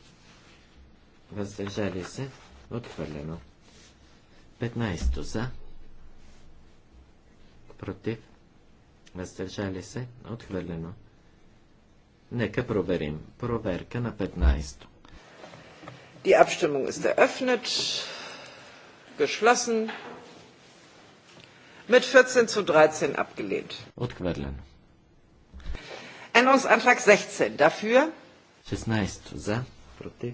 Speaker 3: въздържали се, отхвърлено. 15 за, против, въздържали се, отхвърлено. Нека проверим. Проверка на 15-то.
Speaker 2: Die Abstimmung ist eröffnet. Geschlossen. Mit 14 zu 13 abgelehnt. Отхвърлено. Änderungsantrag 16. Dafür?
Speaker 3: 16 за, против,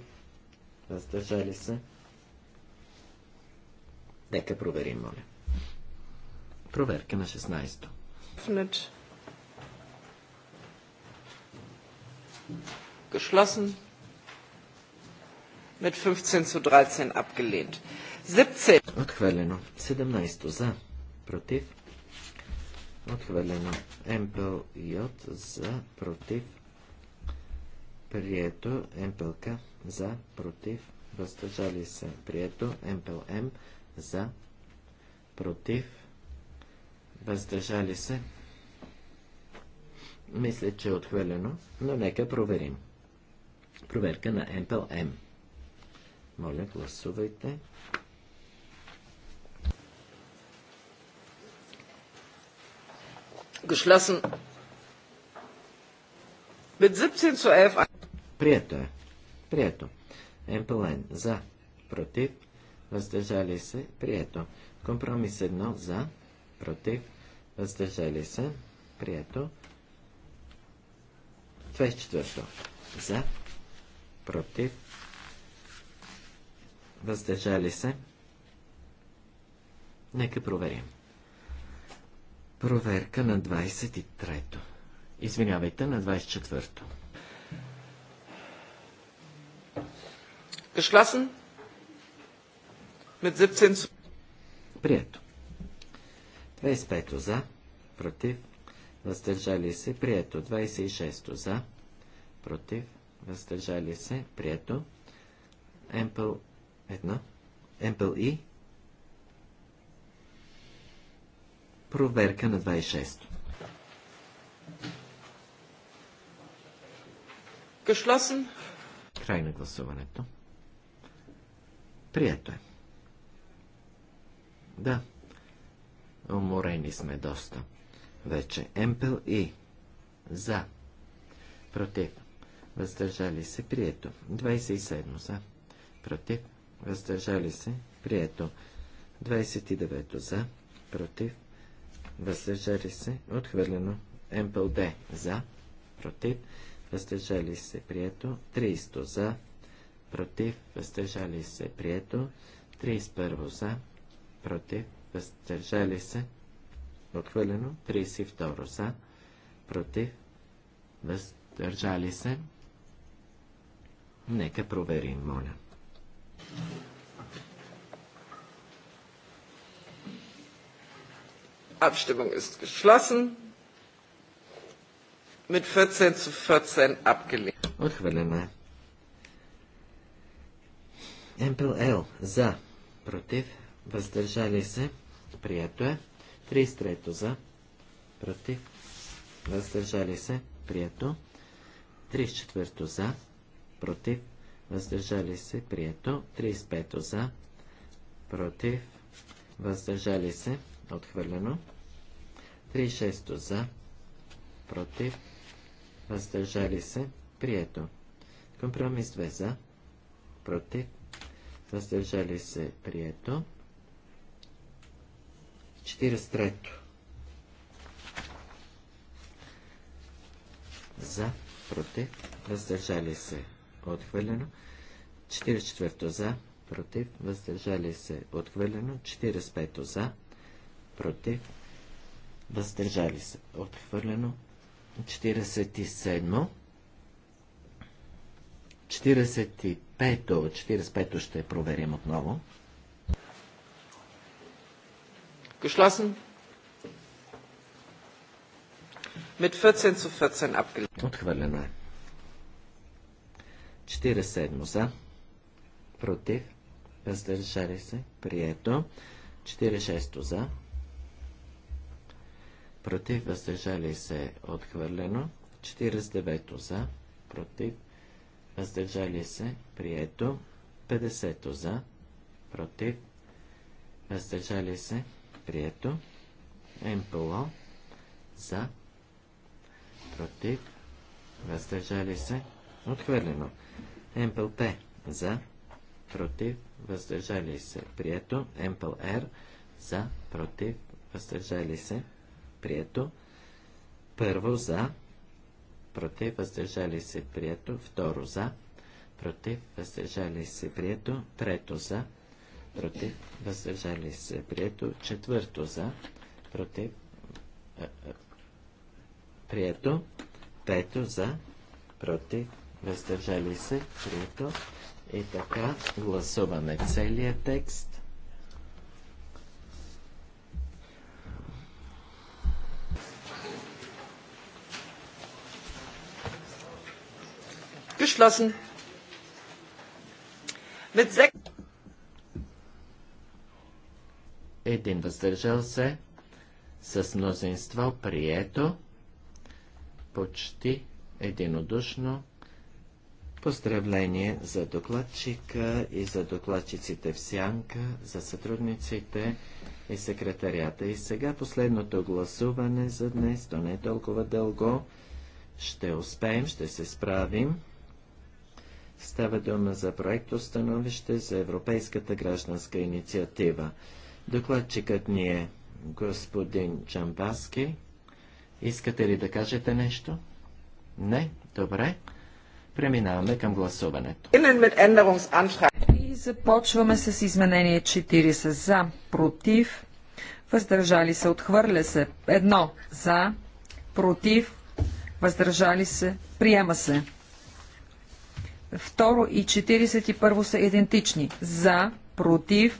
Speaker 3: въздържали се. Нека проверим, моля. Проверка на 16-то.
Speaker 2: Mit. Geschlossen. Mit 15 zu 13 abgelehnt. 17.
Speaker 3: Отхвърлено. 17 за. Против. Отхвърлено. МПЛ J за. Против. Прието. МПЛК за. Против. Въздържали се. Прието. МПЛМ за. Против въздържали се. Мисля, че е отхвърлено, но нека проверим. Проверка на MPL-M. Моля, гласувайте.
Speaker 2: geschlossen. Mit 17 zu 11.
Speaker 3: Прието е. Прието. МПЛН за. Против. Въздържали се. Прието. Компромис 1 за. Против въздържали се, прието. 24. За, против, въздържали се. Нека проверим. Проверка на 23-то. Извинявайте, на 24-то.
Speaker 2: Geschlossen. Mit 17 Прието.
Speaker 3: 25 за, против, въздържали се, прието. 26 за, против, въздържали се, прието. Емпъл едно, Емпъл И. Проверка на 26.
Speaker 2: Кашлосен.
Speaker 3: Край на гласуването. Прието е. Да, Уморени сме доста. Вече Емпел и за. Против. Въздържали се. Прието. 27 за. Против. Въздържали се. Прието. 29 за. Против. Въздържали се. Отхвърлено. Емпел Д. За. Против. Въздържали се. Прието. 30 за. Против. Въздържали се. Прието. 31 за. Против въздържали се, отхвърлено, 32 за, против, въздържали се. Нека
Speaker 2: проверим, моля. Abstimmung ist е geschlossen. Mit 14 zu 14 abgelehnt.
Speaker 3: Отхвърлена. Е. МПЛ за, против, въздържали се, Прието е. 33 за. Против. Въздържали се. Прието. 34 за. Против. Въздържали се. Прието. 35 за. Против. Въздържали се. Отхвърлено. 36 за. Против. Въздържали се. Прието. Компромис 2 за. Против. Въздържали се. Прието. 43 За, против, въздържали се, отхвърлено. 44 за, против, въздържали се, отхвърлено. 45 за, против, въздържали се, отхвърлено. 47 45-то, 45-то ще проверим отново.
Speaker 2: Geschlossen. Mit 14 zu 14 abgelehnt. Отхвърлено е.
Speaker 3: 47 за. Против. Въздържали се. Прието. 46 за. Против. Въздържали се. Отхвърлено. 49 за. Против. Въздържали се. Прието. 50 за. Против. Въздържали се прието. МПО за, против, въздържали се, отхвърлено. МПЛП за, против, въздържали се, прието. МПЛР за, против, въздържали се, прието. Първо за, против, въздържали се, прието. Второ за, против, въздържали се, прието. Трето за, против, въздържали се, прието. Четвърто за, против, е, е. прието. Пето за, против, въздържали се, прието. И така гласуваме целия текст.
Speaker 2: Geschlossen. Mit sechs
Speaker 3: един въздържал се, с мнозинство прието, почти единодушно. Поздравление за докладчика и за докладчиците в Сянка, за сътрудниците и секретарята. И сега последното гласуване за днес, то не е толкова дълго. Ще успеем, ще се справим. Става дума за проект установище за Европейската гражданска инициатива. Докладчикът ни е господин Джамбаски. Искате ли да кажете нещо? Не? Добре. Преминаваме към гласуването.
Speaker 1: И започваме с изменение 40 за, против, въздържали се, отхвърля се. Едно за, против, въздържали се, приема се. Второ и 41 са идентични. За, против,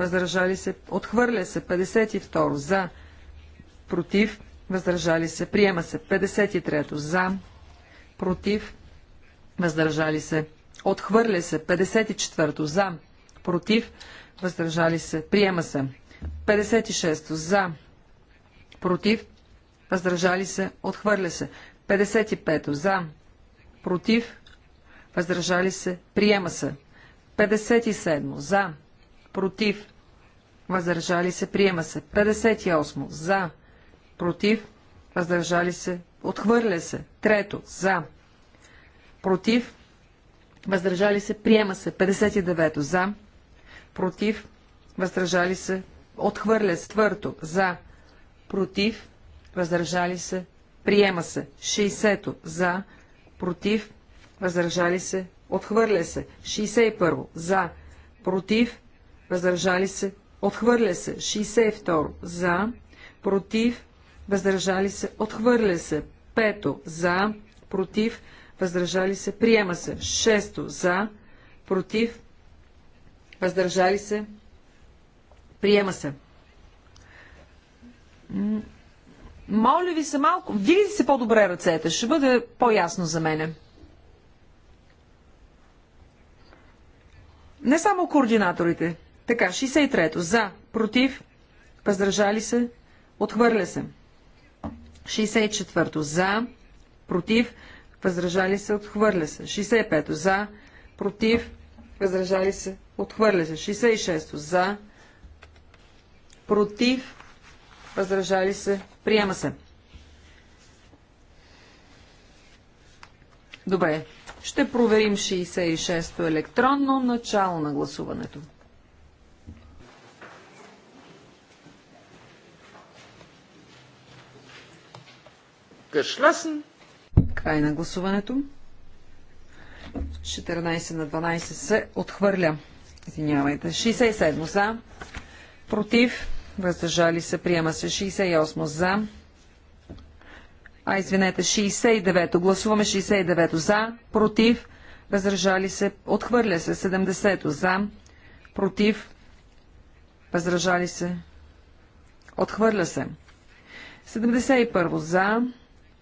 Speaker 1: въздържали се, отхвърля се 52 за, против, въздържали се, приема се 53 за, против, въздържали се, отхвърля се 54 за, против, въздържали се, приема се 56 за, против, въздържали се, отхвърля се 55 за, против, въздържали се, приема се 57 за, против, въздържали се, приема се. 58. За, против, въздържали се, отхвърля се. Трето, за, против, въздържали се, приема се. 59. За, против, въздържали се, отхвърля се. Твърто. за, против, въздържали се, приема се. 60. За, против, въздържали се, отхвърля се. 61. За, против, въздържали се, Отхвърля се. 62. За. Против. Въздържали се. Отхвърля се. 5. За. Против. Въздържали се. Приема се. 6. За. Против. Въздържали се. Приема се. Моля ви се малко, вдигайте се по-добре ръцете, ще бъде по-ясно за мене. Не само координаторите, така, 63-то. За, против, въздържали се, отхвърля се. 64-то. За, против, въздържали се, отхвърля се. 65-то. За, против, въздържали се, отхвърля се. 66-то. За, против, въздържали се, приема се. Добре, ще проверим 66-то електронно начало на гласуването. Geschlossen. Край на гласуването. 14 на 12 се отхвърля. Извинявайте. 67 за. Против. Въздържали се. Приема се 68 за. А, извинете, 69-то. Гласуваме 69-то за. Против. Въздържали се. Отхвърля се. 70-то за. Против. Въздържали се. Отхвърля се. 71 за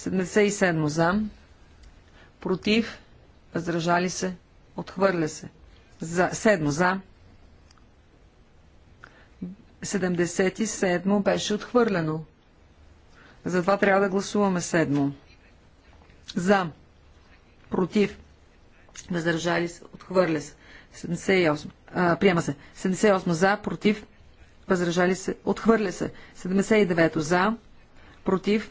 Speaker 1: 77 за, против, въздържали се, отхвърля се. За, 7 за. 77 беше отхвърлено. Затова трябва да гласуваме 7. За, против, въздържали се, отхвърля се. 78. А, приема се. 78 за, против, въздържали се, отхвърля се. 79 за, против,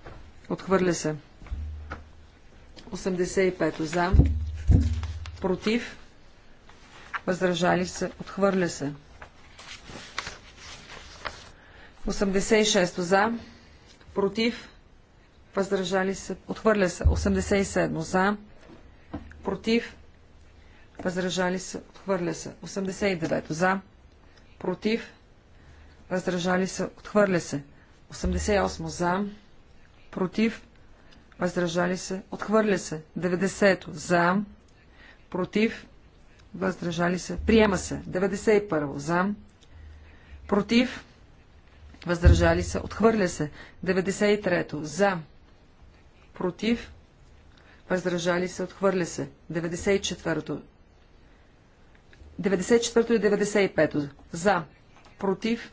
Speaker 1: Отхвърля се. 85 за. Против. Въздържали се. Отхвърля се. 86 за. Против. Въздържали се. Отхвърля се. 87 за. Против. Въздържали се. Отхвърля се. 89 за. Против. Въздържали се. Отхвърля се. 88 за против, въздържали се, отхвърля се. 90 за, против, въздържали се, приема се. 91 за, против, въздържали се, отхвърля се. 93 за, против, въздържали се, отхвърля се. 94 94 и 95 за, против,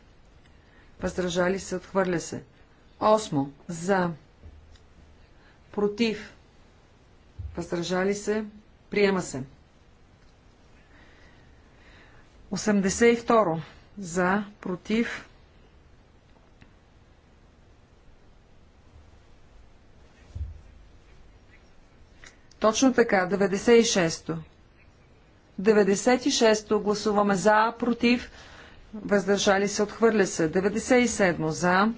Speaker 1: въздържали се, отхвърля се. 8 за, против, въздържали се, приема се. 82. За, против, Точно така, 96-то. 96-то гласуваме за, против, въздържали се, отхвърля се. 97 за,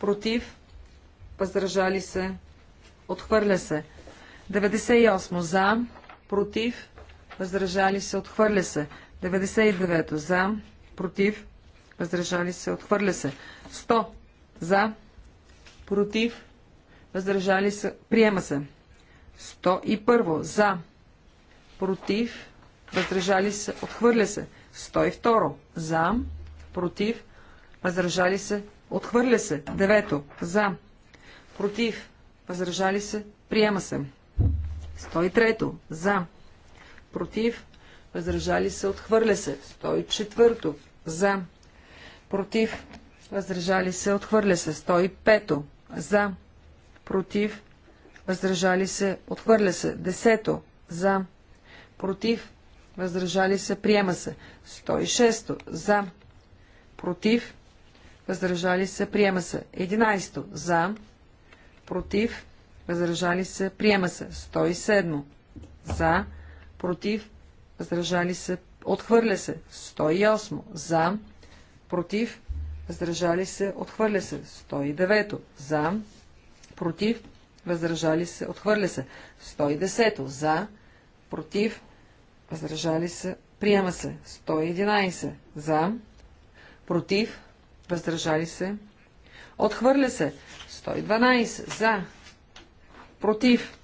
Speaker 1: против, въздържали се, Отхвърля се. 98 за, против, въздържали се, отхвърля се. 99 за, против, въздържали се, отхвърля се. 100 за, против, въздържали се, приема се. 101 за, против, въздържали се, отхвърля се. 102 за, против, въздържали се, отхвърля се. 9 за, против, Въздържали се. Приема се. 103. За. Против. Въздържали се. Отхвърля се. 104. За. Против. Въздържали се. Отхвърля се. 105. За. Против. Въздържали се. Отхвърля се. 10. За. Против. Въздържали се. Приема се. 106. За. Против. Въздържали се. Приема се. 11. За против, въздържали се, приема се. 107 за, против, въздържали се, отхвърля се. 108 за, против, въздържали се, отхвърля се. 109 за, против, въздържали се, отхвърля се. 110 за, против, въздържали се, приема се. 111 за, против, въздържали се, отхвърля се. 112 за, против,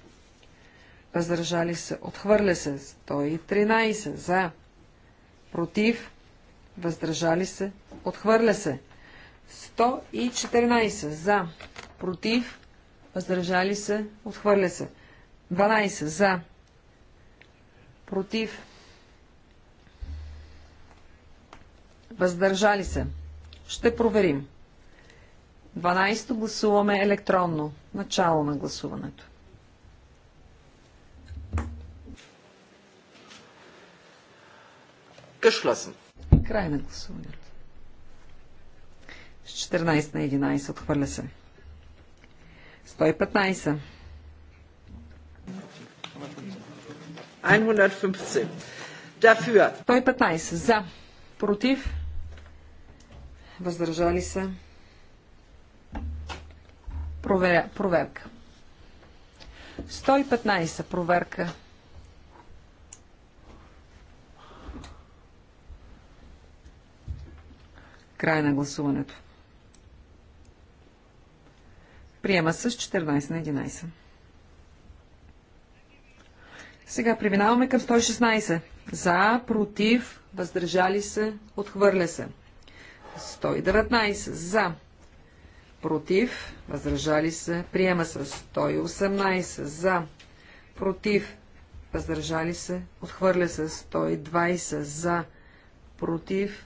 Speaker 1: въздържали се, отхвърля се, 113 за, против, въздържали се, отхвърля се, 114 за, против, въздържали се, отхвърля се, 12 за, против, въздържали се. Ще проверим. 12 гласуваме електронно. Начало на гласуването. Geschlossen. Край на гласуването. С 14 на 11 отхвърля се. 115. 115. Dafür. 115. За. Против. Въздържали се проверя, проверка. 115 проверка. Край на гласуването. Приема с 14 на 11. Сега преминаваме към 116. За, против, въздържали се, отхвърля се. 119. За, против, въздържали се, приема се 118 за, против, въздържали се, отхвърля се 120 за, против,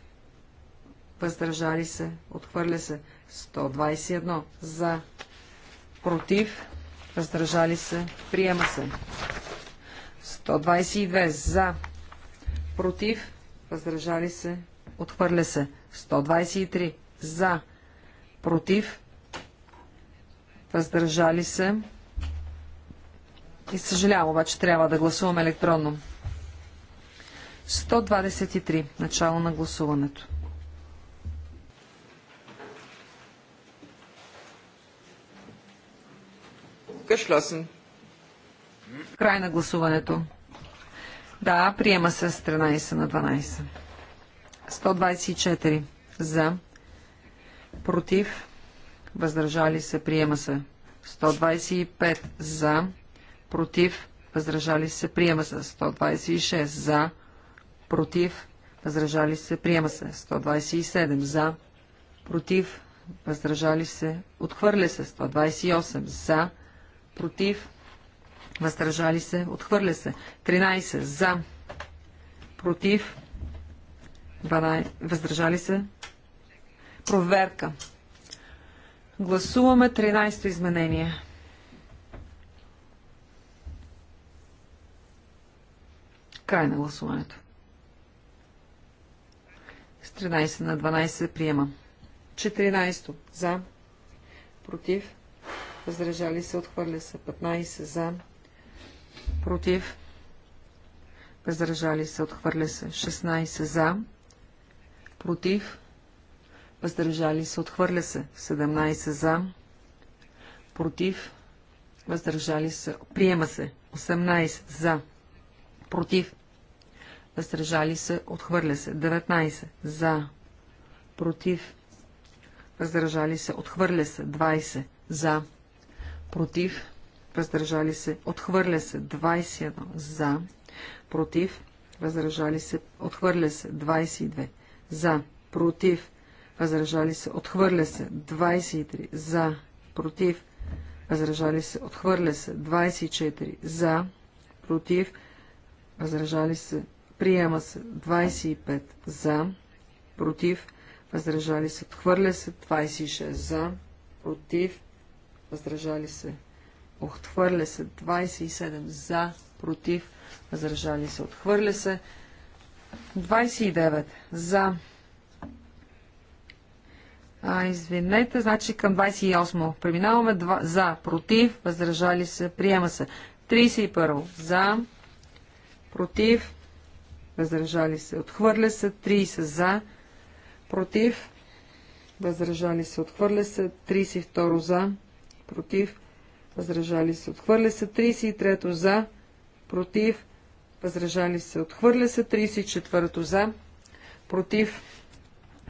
Speaker 1: въздържали се, отхвърля се 121 за, против, въздържали се, приема се 122 за, против, въздържали се, отхвърля се 123 за, против, въздържали се. И съжалявам, обаче трябва да гласуваме електронно. 123. Начало на гласуването. Geschlossen. Край на гласуването. Да, приема се с 13 на 12. 124. За против, въздържали се, приема се. 125 за, против, въздържали се, приема се. 126 за, против, въздържали се, приема се. 127 за, против, въздържали се, отхвърля се. 128 за, против, въздържали се, отхвърля се. 13 за, против, въздържали се, проверка. Гласуваме 13-то изменение. Край на гласуването. С 13 на 12 се приема. 14 за, против, въздържали се, отхвърля се. 15 за, против, въздържали се, отхвърля се. 16 за, против, въздържали се, отхвърля се. 17 за, против, въздържали се, приема се. 18 за, против, въздържали се, отхвърля се. 19 за, против, въздържали се, отхвърля се. 20 за, против, въздържали се, отхвърля се. 21 за, против, въздържали се, отхвърля се. 22 за, против, Възражали се. Отхвърля се. 23. За. Против. Възражали се. Отхвърля се. 24. За. Против. Възражали се. Приема се. 25. За. Против. Въздържали се. Отхвърля се. 26. За. Против. Въздържали се. Отхвърля се. 27. За. Против. Въздържали се. Отхвърля се. 29. За. А, извинете, значи към 28. Преминаваме 2, за, против, въздържали се, приема се. 31. За, против, въздържали се, отхвърля се. 30. За, против, въздържали се, отхвърля се. 32. За, против, въздържали се, отхвърля се. 33. За, против, въздържали се, отхвърля се. 34. За, против,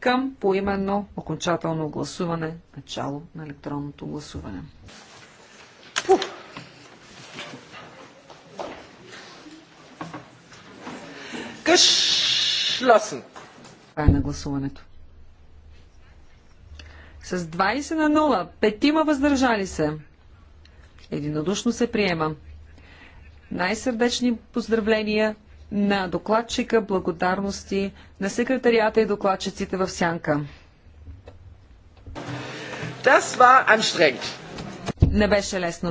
Speaker 1: към поименно окончателно гласуване, начало на електронното гласуване. Пух! Geschlossen. на гласуването. С 20 на 0, петима въздържали се. Единодушно се приема. Най-сърдечни поздравления на докладчика, благодарности на секретарията и докладчиците в Сянка. Das war anstrengend. Не беше лесно.